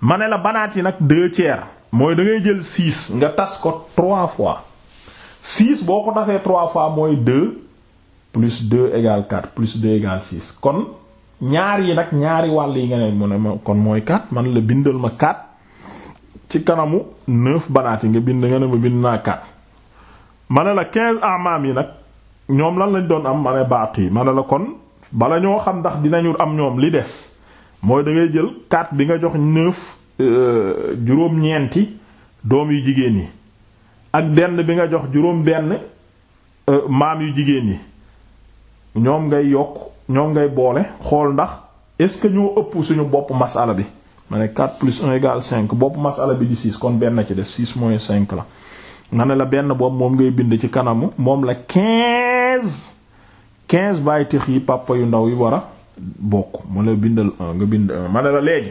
ma ne la banaat yi nag deux tiers mooy da ngay jël six nga tas ko trois fois 6 boo ko tasee 3 fois mooy 2 plus 2 égale 4 plus 2 égale 6 kon ñaar yi nag ñaari wàll yi nga ne mu ne ma kon mooy 4 man la bindal ma 4 ci kanamu 9 banaat yi nga bind nga ne ma bind naa 4 ma ne la 15 amaam yi nag ñoom lan lañ doon am ma ne yi ma ne la kon bala ñoo xam ndax dinañu am ñoom li des mooy da ngay jël 4 bi nga jox 9 euh, juróom-ñeenti doom yu jigéen yi ak benn bi nga jox juróom-benn euh, maam yu jigéen yi ñoom ngay yokk ñoom ngay boole xool ndax est-ce que ñoo ëpp suñu bopp masala bi mane ne 4 plus 1 égale 5 bopp masala bi di 6 kon benn ci des 6 moins 5 la ma ne la benn bopp moom ngay bind ci kanamu moom la 15 15 bàyyi tix yi papa yu ndaw yi war a bokk ma la bindal 1 nga bind 1 ma la léegi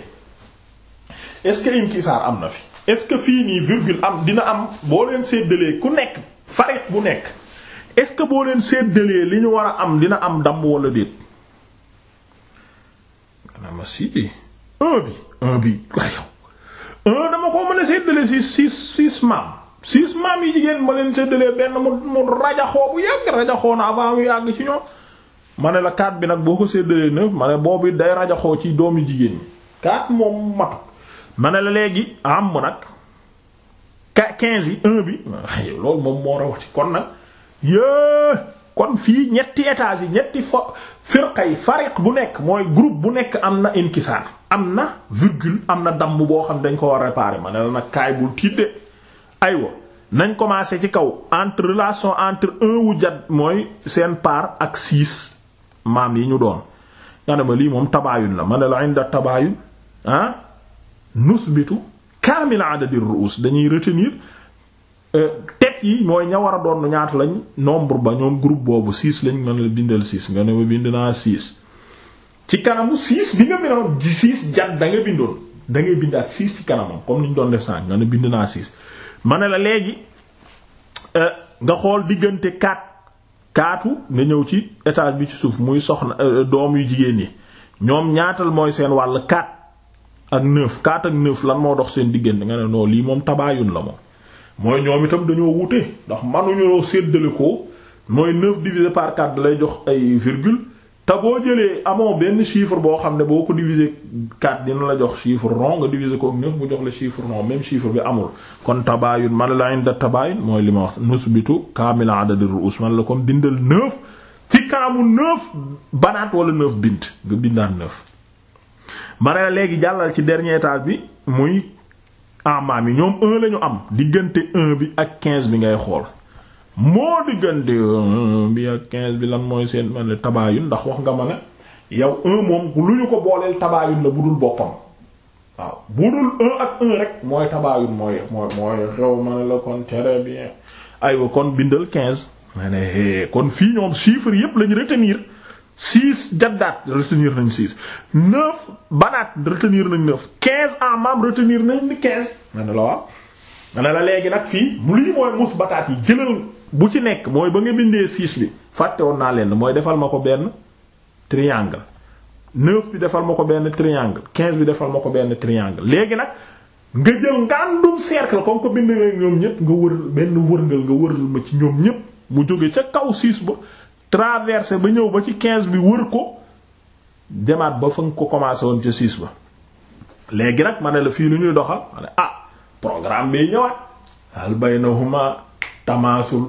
est-ce que inkisaar am na fi. est-ce que fii nii virgule am dina am boo leen séddalee ku nekk farit bu nekk est-ce que boo leen séddalee li ñu war a am dina am damm wala déet. maanaam bi un bi waaye yow un dama ko mën séddalee si six maam six maam yi jigéen ma leen séddalee benn mu mu rajaxoo bu yàgg rajaxoo na avant mu yàgg ci ñoom. ma ne la 4 bi nag boo ko séddalee 9 ma ne boobu day rajaxoo ci doomu jigéen ñi 4 moom matu. ma ne la léegi am nag ka quinze yi un bi loolu moom moo rawati kon nag yée kon fii ñetti étage yi ñetti fo firqa yi fariq bu nekk mooy groupe bu nekk am na inkisaar am na virgule am na damm boo xam dañ ko war réparer ma ne la nag kaay bul tiidde aywa nañ commencé ci kaw entre relation entre un wu jat mooy seen part ak six maam yi ñu doon nga ne ma lii moom tabaayun la ma ne la inda tabaayun ah nusbitu kaamil adadi ruus dañuy retenir euh, tet yi mooy ña war a doon ñaata lañ nombre ba ñoom groupe boobu six lañ mën la bindal six nga ne ma bind naa six ci kanamu six bi nga bindoon di six jat da nga bindoon da kanamam comme ni ñu doon def sànq nga ne bind naa six ma ne la léegi euh, nga xool diggante quatre kaatu nga ñëw ci étage bi ci suuf muy soxna euh, doom yu jigéen ñi ñoom ñaatal mooy seen wàll quatre ak neuf quatre ak neuf lan moo dox seen diggante nga ne non lii moom tabaayun la moom mooy ñoom itam dañoo wute ndax mënuñoo séddale ko mooy neuf divisé par quatre da lay jox ay virgule te boo jëlee amoo benn chiffre boo xam ne boo ko divisé quatre dina la jox chiffre rond nga divisé ko neuf mu jox la chiffre rond même chiffre bi amul. kon tabaayun man la inda tabaayun mooy li ma wax nusbitu kaamil adad ruus man la kon bindal neuf ci kaamu neuf ma ne léegi jàllal ci dernier étage bi muy amaam yi ñoom un la am diggante un bi ak quinze bi ngay xool moo diggante un bi ak quinze bi lan mooy seen ma ne tabaayun ndax wax nga ma ne yow un moom lu ñu ko booleel tabaayun la bu dul boppam waaw bu dul un ak un rek mooy tabaayun mooy mooy xew ma ne la kon très bien aywa kon bindal quinze ma ne kon fii ñoom chiffre yépp lañu retenir six jaddaat retenir nañ six neuf banaat retenir nañ neuf quinze amam retenir nañ quinze ma ne la waaw ma ne la léegi nag fii mu lii mooy musbataat yi jëlal bu ci nekk mooy ba nga bindee six bi fàtte woon naa leen mooy defal ma ko benn triangle neuf bi defal ma ko benn triangle quinze bi defal ma ko benn triangle léegi nag nga jël ngàndum cercle comme ko bind na ñoom ñëpp nga wër benn wërngal nga wëral ma ci ñoom ñëpp mu jóge ca kaw sii ba traversé ba ñëw ba ci 15 bi wër ko demaat ba fa ko commencé woon ca 6 ba léegi nag ma ne la fii lu ñuy doxal ma ne ah programme bi ñëwaat al baynahuma tamaasul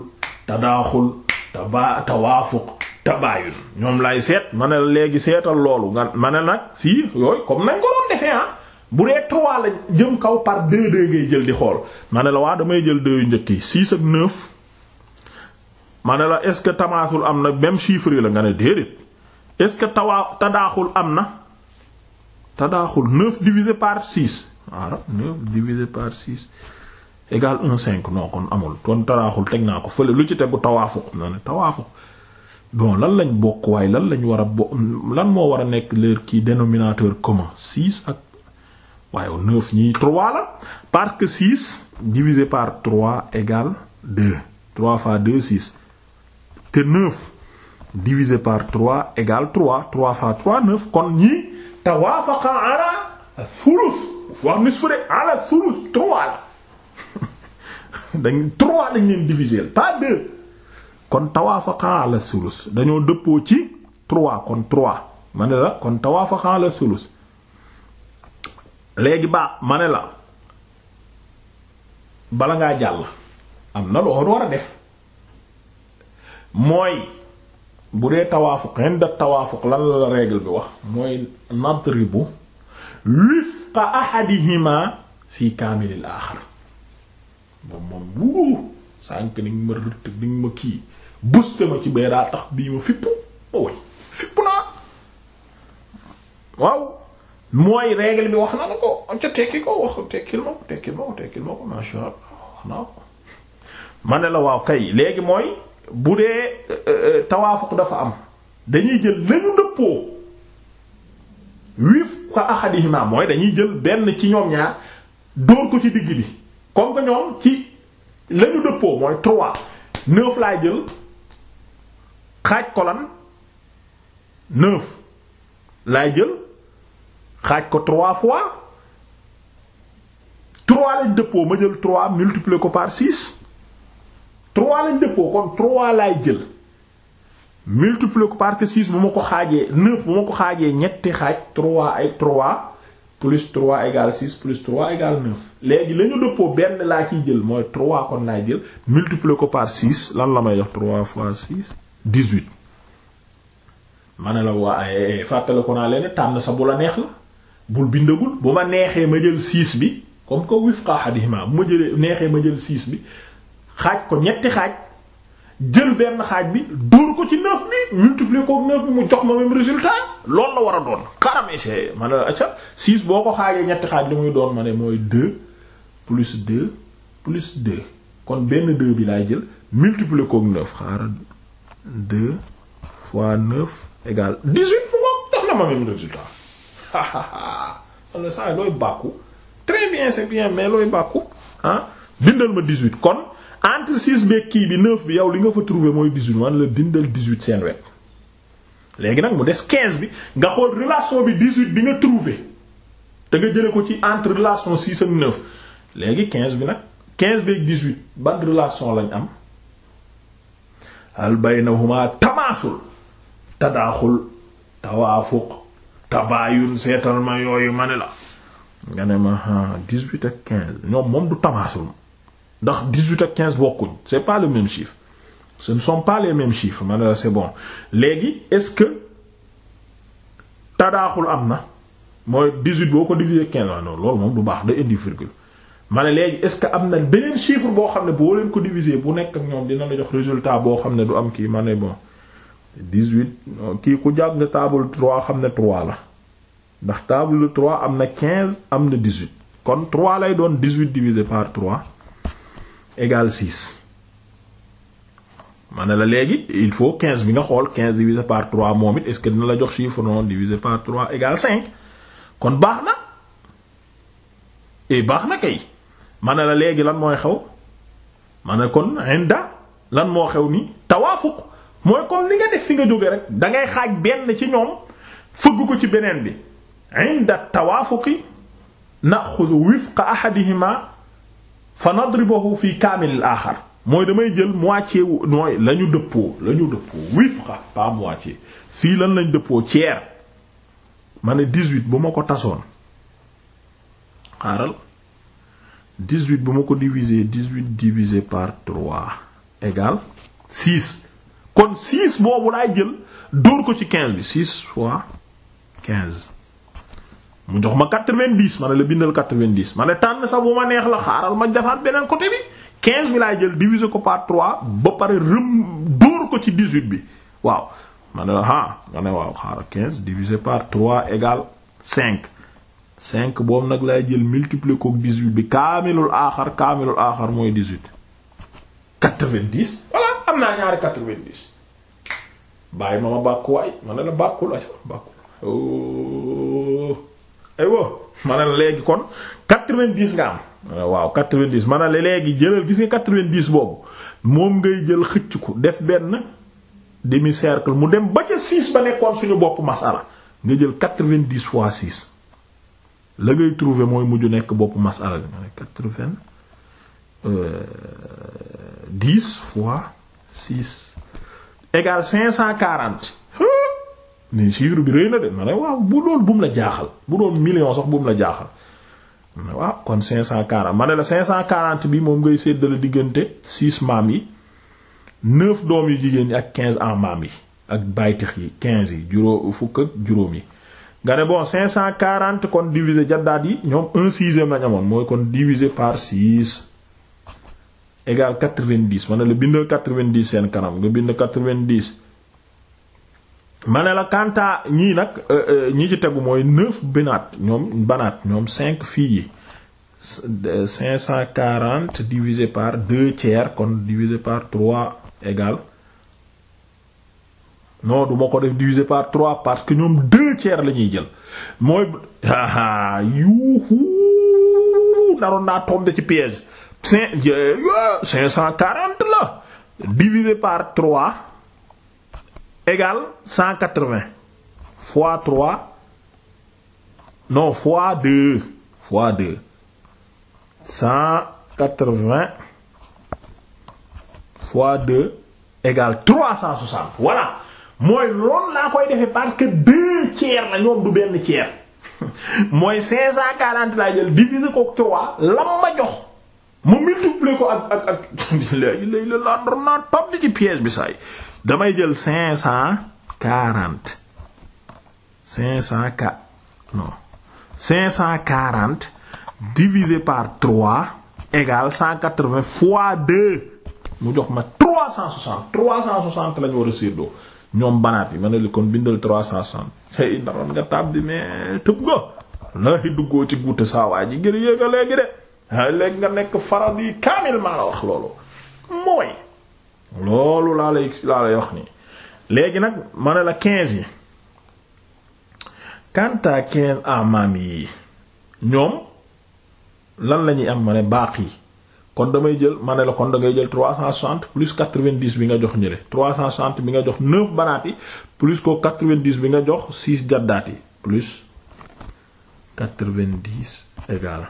ñoom lay seet ma ne la léegi seetal loolu nga ma ne nag fii yooyu comme nañ ko doon defee ah bu dee trois la jëm kaw par deux deux ngay jël di xool ma ne la waa damay jël deux yu njëkk yi ma la est-ce que tamaasul am na même chiffre la nga ne déedéet est-ce que tawaa tadaaxul am na tadaaxul 9 divisé par 6 waaw 9 divisé par 6 égal 1 5 non kon amul kon tadaaxul teg naa ko fële lu ci tegu tawaafuq na ne tawaafu bon lan lañ bokk waaye lan lañ war a bo lan moo war a nekk leur kii dénominateur comment 6 ak waaye 9 ñii 3 la parce que 6 divisé par 3 égale 2 3 fois 2 6. te 9 divisé par 3 égale 3 3 fois 3 9 kon ñii tawaafaqa ala sulus foo xam ne su dee sulus 3 la dañ 3 dañ leen diviser pas 2 kon tawaafaqa ala sulus dañoo dëppoo ci 3 kon 3 ma ne la kon tawaafaqa ala sulus léegi ba ma ne la bala ngaa jàll am na loo war a def. mooy bu dee tawaafuq inda tawaafuq lan la la règle bi wax mooy nadribu wifqa ahadihima fi kaamilil aaxar moom moom wuu sànq ni nga ma rëtt ni nga ma kii buste ma ci bee tax bii ma fippu ba oh way fippu naa waaw mooy règle bi wax na la ko ca tekki ne la waaw kay léegi mooy bu dee euh, euh, tawaafuq dafa am dañuy jël lañu dëppoo wifqa ahadihima mooy dañuy jël benn ci ñoom ñaar dóor ko ci digg bi comme que ñoom ci lañu dëppoo mooy trois neuf laay jël xaaj ko lan jël xaaj ko trois fois trois lañ dëppoo ma jël trois multiplier ko par six trois lañ dëppoo kon trois laay jël multiplier ko par six bu ma ko xaajee neuf bu ma ko xaajee ñetti xaaj trois ay trois plus trois égale six plus trois égale neuf léegi la ñu dëppoo benn laa ciy jël mooy trois kon laay jël multiplier ko par six lan la may jox trois fois six dix-huit ma ne la waa eh, eh, eh, fàttale ko naa leen tànn sa bu la neex la bul bindagul bu ma neexee ma jël six bi comme que wifqa hadima bu ma jëlee neexee ma jël six bi xaaj ko ñetti xaaj jël benn xaaj bi dóor ko ci neuf bi multiplier ko bi mu jox ma même résultat loolu la war a doon karamese ma ne la acca boo ko xaajee ñetti xaaj li muy doon ma ne mooy deux plus deux plus deux kon benn deux bi laay jël multiplier ko neuf xaaral deux fois neuf égale dix-huit bu ko jox na ma même résultat walla saa looy bàkku très bien c'est bien mais looy bàkku ah bindal ma dix-huit kon entre six beeg kii bi neuf bi yow li nga fa trouver mooy dix-huit man la dindal dix-huit seen wet léegi nag mu des quinze bi nga xool relation bi dix-huit bi nga trouve te nga jële ko ci entre relation six ak neuf léegi quinze bi nag quinze beeg dix-huit ban relation lañ am al baynahuma tamaasul tadaaxul tawaafuq tabaayun seetal ma yooyu ma ne la nga ne ma ah, dix-huit ak quinze ñoom moom du tamaasul ndax 18 ak 15 bokkuñ c'est pas le même chiffre ce ne sont pas les mêmes chiffres la c'est bon léegi est-ce que tadaaxul am na mooy 18 boo ko diviser 15 waaw non loolu moom du baax da indi virgule ma ne léegi est-ce que am na beneen chiffre boo xam ne boo leen ko diviser bu nekk ak ñoom dina la jox résultat boo xam ne du am kii ma ne bon 18 kii ku jàng table 3 xam ne 3 la ndax table trois am na quinze am na 18 kon 3 lay doon 18 divisé par 3. égale 6 ma ne la léegi il faut quinze bi nga xool quinze divisé par 3 moom it est-ce que dina la jox chiffre non divisé par 3 égale 5 kon baax na baax na kay ma ne la léegi lan mooy xew ma ne kon inda lan moo xew ni tawaafuq mooy comme li nga def fi nga jóge rek da ngay xaaj benn ci ñoom fëgg ko ci beneen bi inda tawaafuqi naxudu wifqa ahadihima fa nadribuhu fi kaamil aaxar mooy damay jël moitié wu mooy la ñu dëppoo la ñu dëppoo wifqa pas moitié fii lan lañ dëppoo tiers mane ne 18 bu ma ko tasoon xaaral 18 bu ma ko diviser 18 divisé par 3 égal 6 kon 6 boobu laay jël dóor ko ci 15 bi 6 fois mu jox ma quatre-vingt-dix ma ne la bindal quatre-vingt-dix ma ne tànn sax bu ma neex la xaaral ma defaat beneen côté bi quinze bi laay jël diviser ko par trois ba pare rëm dóor ko ci dix-huit bi waaw ma ne la ah nga ne waaw xaaral quinze divisé par trois égal cinq cinq boobu nag lay jël multiplier ko dix-huit bi kaamilul aaxar kaamilul aaxar mooy dix-huit quatre-vingt-dix voilà am naa ñaari quatre-vingt-dix bàyyi ma ma bàkkuwaay ma ne la bàkkul oh. aywa ma ne la léegi kon 90 nga am waaw 90 ma ne la léegi jëlal gis nga 90 boobu moom ngay jël xëcc ko def benn demi cercle mu dem ba ca 6 ba nekkoon suñu bopp masala nga jël 90 fois 6 la ngay trouver mooy mujj nekk bopp masala bi ma ne 80 10 euh, fois 6 égale mais chiffre bi rëy na de ma ne waaw bu doon bu la jaaxal bu doon million sax bu la jaaxal ma ne waaw kon 540 ma ne la 540 bi moom ngay séddale diggante 6 maam yi 9 doom yu jigéen ñi ak 15 en maam yi ak baytix yi 15 yi juróom fukk ak juróom yi. nga ne bon 540 kon divisé jaddaat yi ñoom un sixième lañ amoon mooy kon divisé par 6 égal 90 ma ne la bindal 90 seen kanam nga bind 90. ma ne la Kanta ñii nag euh, euh, ñi ci tegu mooy neuf banaat ñoom banaat ñoom cinq filles yi cinq cent quarante divisé par deux tiers kon divisé par trois égal non du ma ko def divisé par trois parce que ñoom deux tiers la ñuy jël mooy aa yuuxu naroon naa tombé ci piège cinq euh, cinq cent quarante la divisé par trois égale cent quatre-vingts fois trois non fois deux fois deux cent quatre-vingts fois deux égale trois cent soixante voilà mooy loolu laa koy defee parce que deux tiers la ñoom du benn tiers mooy cinq cent quarante laa jël diviser ko trois lam ma jox mu multiplier ko ak ak ak lay lay la laa doon naa topp ci piège bi saay damay jël cinq cent quarante cinq cent quatre non cinq quarante divisé par trois égale cent quatre-vingts fois deux mu jox ma trois cent soixante trois cent soixante lañu war a séddoo ñoom banaat yi ma ne li kon bindal trois cent soixante hey ndaroon nga taab bi tëb nga laayi duggoo ci guute saa waa ji ngir yéega léegi de ay léegi nga nekk faral kaamil maa la wax loolu mooy loolu laa lay laa la wax nii léegi nag ma la quinze yi quant à quinze amaam yi ñoom lan la ñuy am ma ne baax yi kon damay jël ma ne la kon da ngay jël trois cent soixante plus quatre-vingt-dix bi nga jox ñële trois cent soixante bi nga jox neuf banaat yi plus ko quatre-vingt-dix bi nga jox six jaddaat yi plus quatre-vingt-dix égal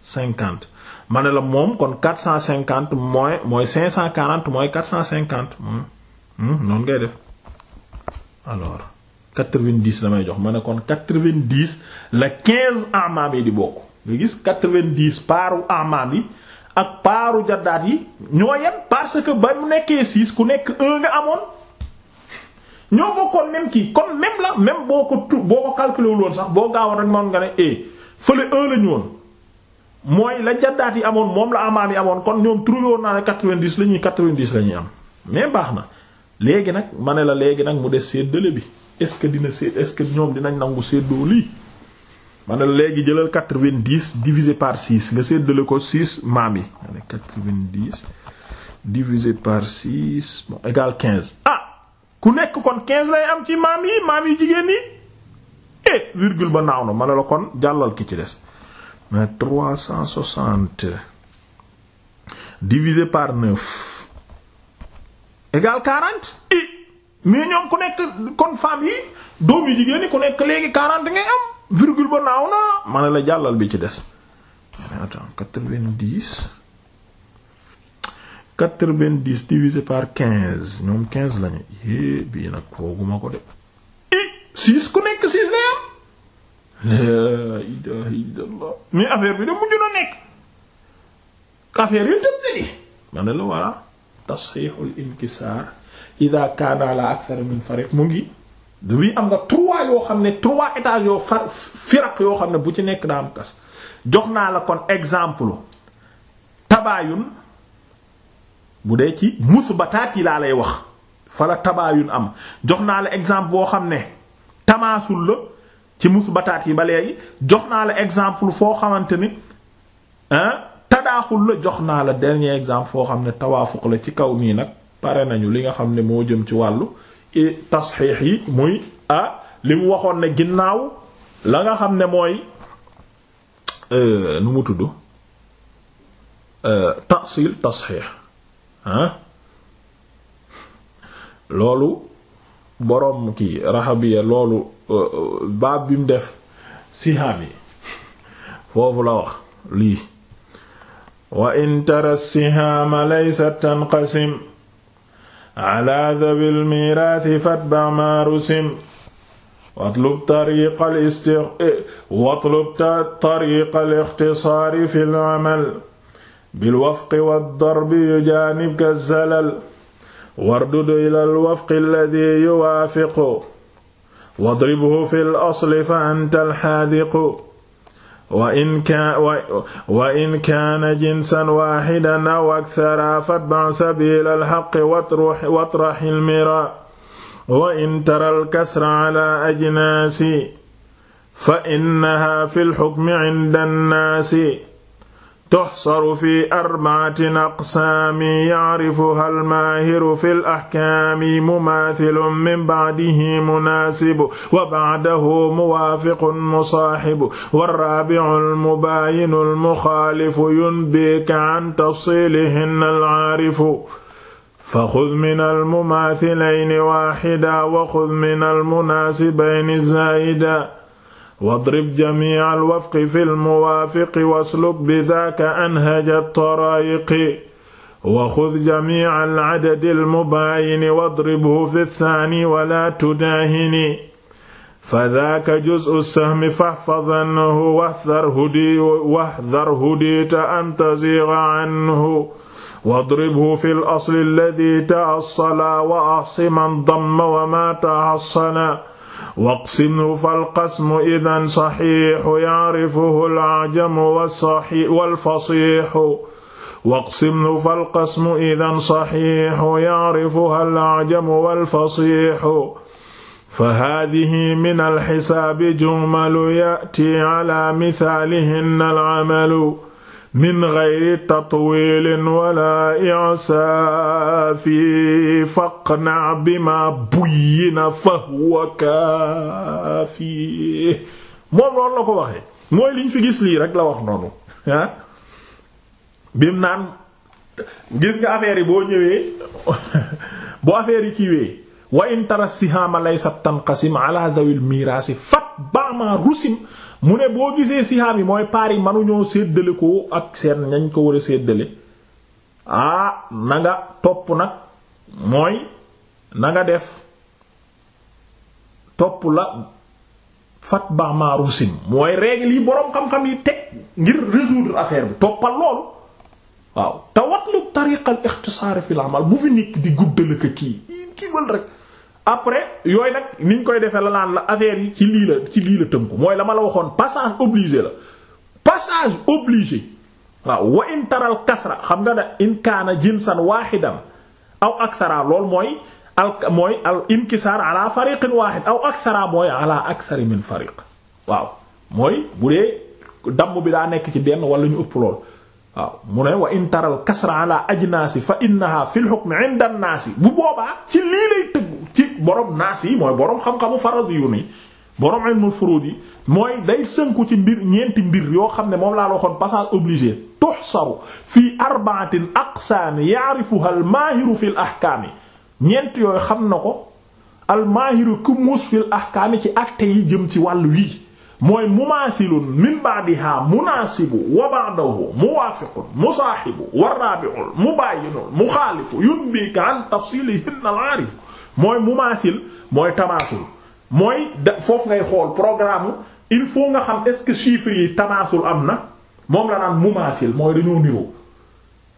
cinquante ma ne la moom kon quatre cent cinquante moins mooy cinq cent quarante mooy quatre cent cinquante hmm. Hmm, noonu ngay def alors quatre-vingt-dix damay jox ma kon quatre-vingt-dix la quinze amaam yi di bokk nga gis quatre-vingt-dix paaru amaam yi ak paaru jaddaat yi ñoo yem parce que ba mu nekkee six ku nekk un nga amoon ñoo bokkoon même kii comme même la même boo ko tu boo ko calculé sax boo gaawoon rek ma nga ne eh, fële un la woon. mooy la jaddaat yi amoon moom la amaan yi amoon kon ñoom trouvé woon naa ne 90 la ñuy 90 la am mais baax na léegi nag ma ne la léegi nag mu des séddale bi est-ce que dina sédd est-ce que ñoom dinañ nangu séddoo lii ma ne la léegi jëlal 90 divisé par 6 nga séddale ko 6 maam yi ma ne 90 divisé par 6 bon égal 15. ah ku nekk kon 15 lay am ci maam yi maam yi jigéen ñi eh virgule ba naaw na ma ne la kon jàllal ki ci des. mais cent soixante divisé par neuf égal quarante i mais ñoom ku nekk kon femme yi doom yu jigéen ku nekk léegi quarante ngay am virgule ba naaw na ma la jàllal bi ci des mais attends quatre-vingt-dix quatre-vingt-dix divisé par quinze ñoom quinze lañu bii nag fooguma ko de i six ku nekk six lay am laa ilaha illallah mais affaire bi da mujj na nekk affaire yu tëb na di la voilà tasxiixul inkisaar ida kaana ala akthar min fariq mu ngi dubi am nga trois yoo xam ne trois étages yoo far firaq yoo xam ne bu ci nekk daa am kas jox naa la kon exemple tabaayun bu dee ci musbataat yi laa lay wax fa fala tabaayun am jox naa la exemple boo xam ne tamaasul la ci musbataat yi ba léegi jox naa la exemple foo xamante ni tadaaxul la jox naa la dernier exemple foo xam ne tawaafuq la ci kaw nii nag pare nañu li nga xam ne moo jëm ci wàllu tasxiix yi muy ah li waxoon ne ginnaaw la nga xam ne mooy euh, nu mu tudd euh, tasil tasxiix loolu boroom kii raxabiya loolu baab bi mu def sihaam yi foofu la wax lii wa in tara sihaama laysat tanqasim ala dhabil mirathi fatba ma rusim watlub tariqal isti watlub tariqal ixtisaari fil amal bil wafqi wad-darbi yujaanibka zalal wardud ilal wafqi alladhi yuwaafiqu wadribhu fi l asli fa anta alxaadiqu wa in kaana jinsan waaxidan aw akthara fatba' sabiila alxaqqi watraxi lmira wa in tara alkasra ala ajnaasi fa innaha fi lxukmi cinda annaasi tuxsaru fi arbaatin aqsaami yacrifuha almaahiru fi laxkaami mumathilun min bacdihi munaasibu wa bacdahu muwaafiqun musaaxibu warraabicu almubaayinu almuxaalifu yunbiika can tafsiilihinna alcaarifu faxud min almumaathilayni waaxida waxud min almunaasibayni zaa'ida wadrib jamiica alwafqi fi lmuwaafiqi wasluk bidaaka anhaja altaraayiqi wa xud jamiica alcadadi almubaayini wadribhu fi lthaani wala tudaahini fadaaka juz'u sahmi faxfad anhu waxdar hudiita an taziiga canhu wadribhu fi lasli alladi ta'assala wa axsi man damma wa maa ta'assala waqsimhu falqasmu idan saxiixu yacrifuhu alcajamu walfasiixu waqsimhu falqasmu idan saxiixu yacrifuha alcajamu walfasiixu fahaadihi min alxisaabi jumalu yaati cala misaalihinna alcamalu min geyri tatwilin wala i'saafi faqna bima buyyina fahwa kaafi moom loolu la ko waxee mooy liñ fi gis lii rek la wax noonu ah bim naan gis nga affaire yi boo ñëwee bu affaire yi kiiwee wa in tara sihaama laysa tanqasim ala dhawil miraasi fat bama rusim mu ne boo gisee sihaam yi mooy paar yi mënuñoo séddale ko ak seen ñañ ko war a séddale ah nanga topp nag mooy na nga def topp la fat baax maaru sim mooy règle yi boroom xam-xam yi teg ngir résoudre affaire bi toppal loolu waaw te watlu tariqal ixtisaar fil bu fi nekk di guddal ak kii kii wal rek après yooyu nag niñ koy defee la naan la affaire yi ci lii la ci lii la tënku mooy dama la waxoon passage obligé la passage obligé waaw wa in taral kasra xam nga ne in kaana jinsan waaxidan aw aksara lool mooy al mooy al inkisaar ala fariqin waaxid aw aksara mooy aksari min fariq waaw mooy bu dee damm bi daa nekk ci benn wala ñu ëpp lool waaw mu ne wa in taral kasra ala ajnaasi fa innaha fil hukmi inda naasi bu boobaa ci lii lay tëggu ci borom naas yi mooy borom xam-xamu farad yu ni borom ilmul furuud yi mooy day sënku ci mbir ñeenti mbir yoo xam ne moom laa la waxoon passage obligé tuxsaru fii arba'atin aqsaam ya'rifuha al maahiru fil ahkaam ñeent yooyu xam na ko al maahiru ku muus fil ahkaam ci actes yi jëm ci wàll wii mooy mumaathilun min ba'diha munaasibu wa ba'dahu muwaafiqun musaahibu wa raabi'ul mubaayinul muxaalifu yunbika an tafsiilihinna al-aarif mooy mumaathil mooy tamaasul mooy da foofu ngay xool programme il faut nga xam est-ce que chiffres yi tamaasul am na moom la naan mumaathil mooy dañoo niroo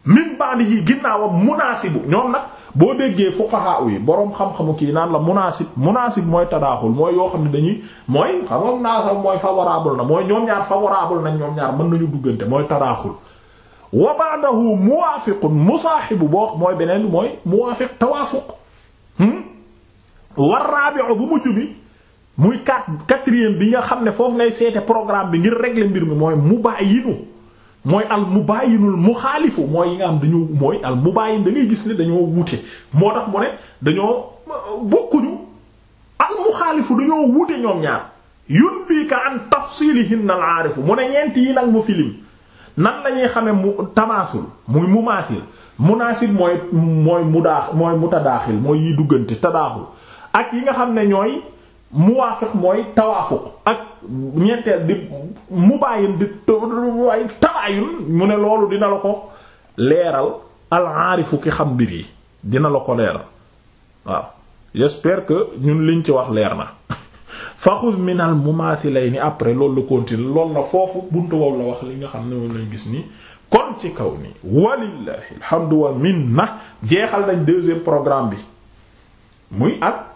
min ba'dihi ginnaawam munaasibu ñoom nag boo déggee fuqaha yi boroom xam-xamu kii naan la munaasib munaasib mooy tadaaxul mooy yoo xam ne dañuy mooy xam nga mooy favorable na mooy ñoom ñaar favorable nañ ñoom ñaar mën nañu duggante mooy tadaaxul wa ba'dahu muwaafiqun musaahibu boo mooy beneen mooy muwaafiq tawaafuq hmm? war rabi'u bu mujj bi muy quatre quatrième bi nga xam ne foofu ngay seete programme bi ngir régler mbir mi mooy mubaayinu mooy al mubaayinul muxaalifu mooy yi nga xam dañu mooy al mubaayin da ngay gis ni dañoo wute moo tax mu ne dañoo bokkuñu al muxaalifu dañoo wute ñoom ñaar yun bii ka an tafsilihin al aarifu mu ne ñeent yi nag mu filim nan lañuy xame mu tamaasul muy mumaasil munaasib mooy mooy mudaax mooy mutadaaxil mooy yi duggante tadaaxul ak yi nga xam ne ñooy muwaafiq mooy tawaafuq ak ñeenteel di mubaayim di waay tabaayun mu ne loolu dina la ko leeral al-aarifu ki xam mbir yi dina la ko leeral waaw j'espère que ñun liñ ci wax leer na faxuz min al mumaathilayni après loolu la continue loolu la foofu buntu wow la wax li nga xam ne moom lañ gis nii kon ci kaw nii walillahi alhamdu wal minna jeexal nañ deuxième programme bi muy ak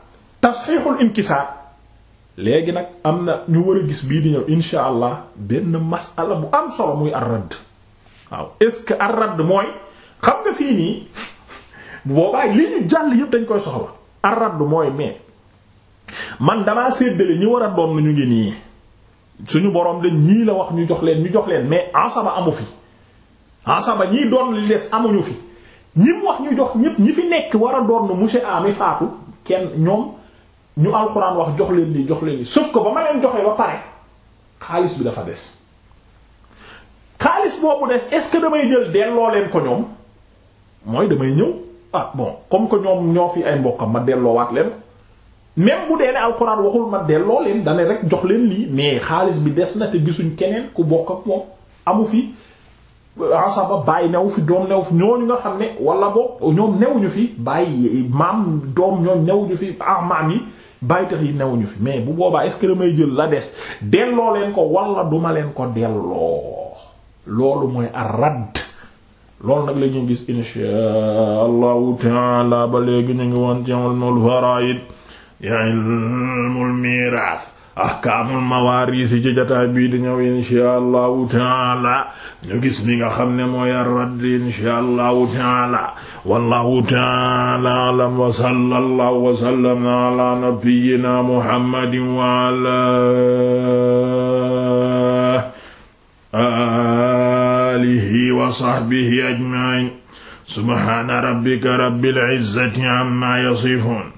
tasxiixul inkisaar léegi nag am na ñu war a gis bii di ñëw insha allah benn masala bu am solo muy arradd waaw est-ce que arradd mooy xam nga fii nii boobaa li ñu jàll yépp dañ koy soxla arradd mooy mais man damaa séddale ñi war a doon ñu ngi nii suñu borom de ñii la wax ñu jox leen ñu jox leen mais asaba amu fi asaba ñii doon li des amuñu fi ñi mu wax ñu jox ñépp ñi fi nekk war a doon monsieur A mi faatu kenn ñoom. ñu alxuraan wax jox leen lii jox leen lii sauf que ba ma leen joxe ba pare xaalis bi dafa des xaalis boobu des est-ce que damay jël delloo leen ko ñoom mooy damay ñëw ah bon comme que ñoom ñoo fi ay mbokkam ma delloowaat leen même bu dee ne alxuraan waxul ma delloo leen dane rek jox leen lii mais xaalis bi des na te gisuñ keneen ku bokk ak moom amu fi asaba bàyyi new fi doom new fi ñooñu nga xam ne wala boog ñoom newuñu fi bàyyi maam doom ñoom newuñu fi ah maam yi bàyyi tax yi newuñu fi mais bu boobaa est-ce que damay jël la des delloo leen ko wala duma leen ko delloo loolu mooy arad loolu nag la gis inshaa allahu taala ba léegi ñu ngi woon ci ilmul faraid ya ilmul ahkaamul mawaariis ci jotaay bii di ñëw inshaa allahu taala ñu gis li nga xam ne mooy ar-radd inshaa allahu taala wallahu taala alam wa sallallahu wa sallama ala nabiyyina muhammadin wa ala alihi wa sahbihi ajma'in subhaana rabbika rabbil izzati amma yasifuun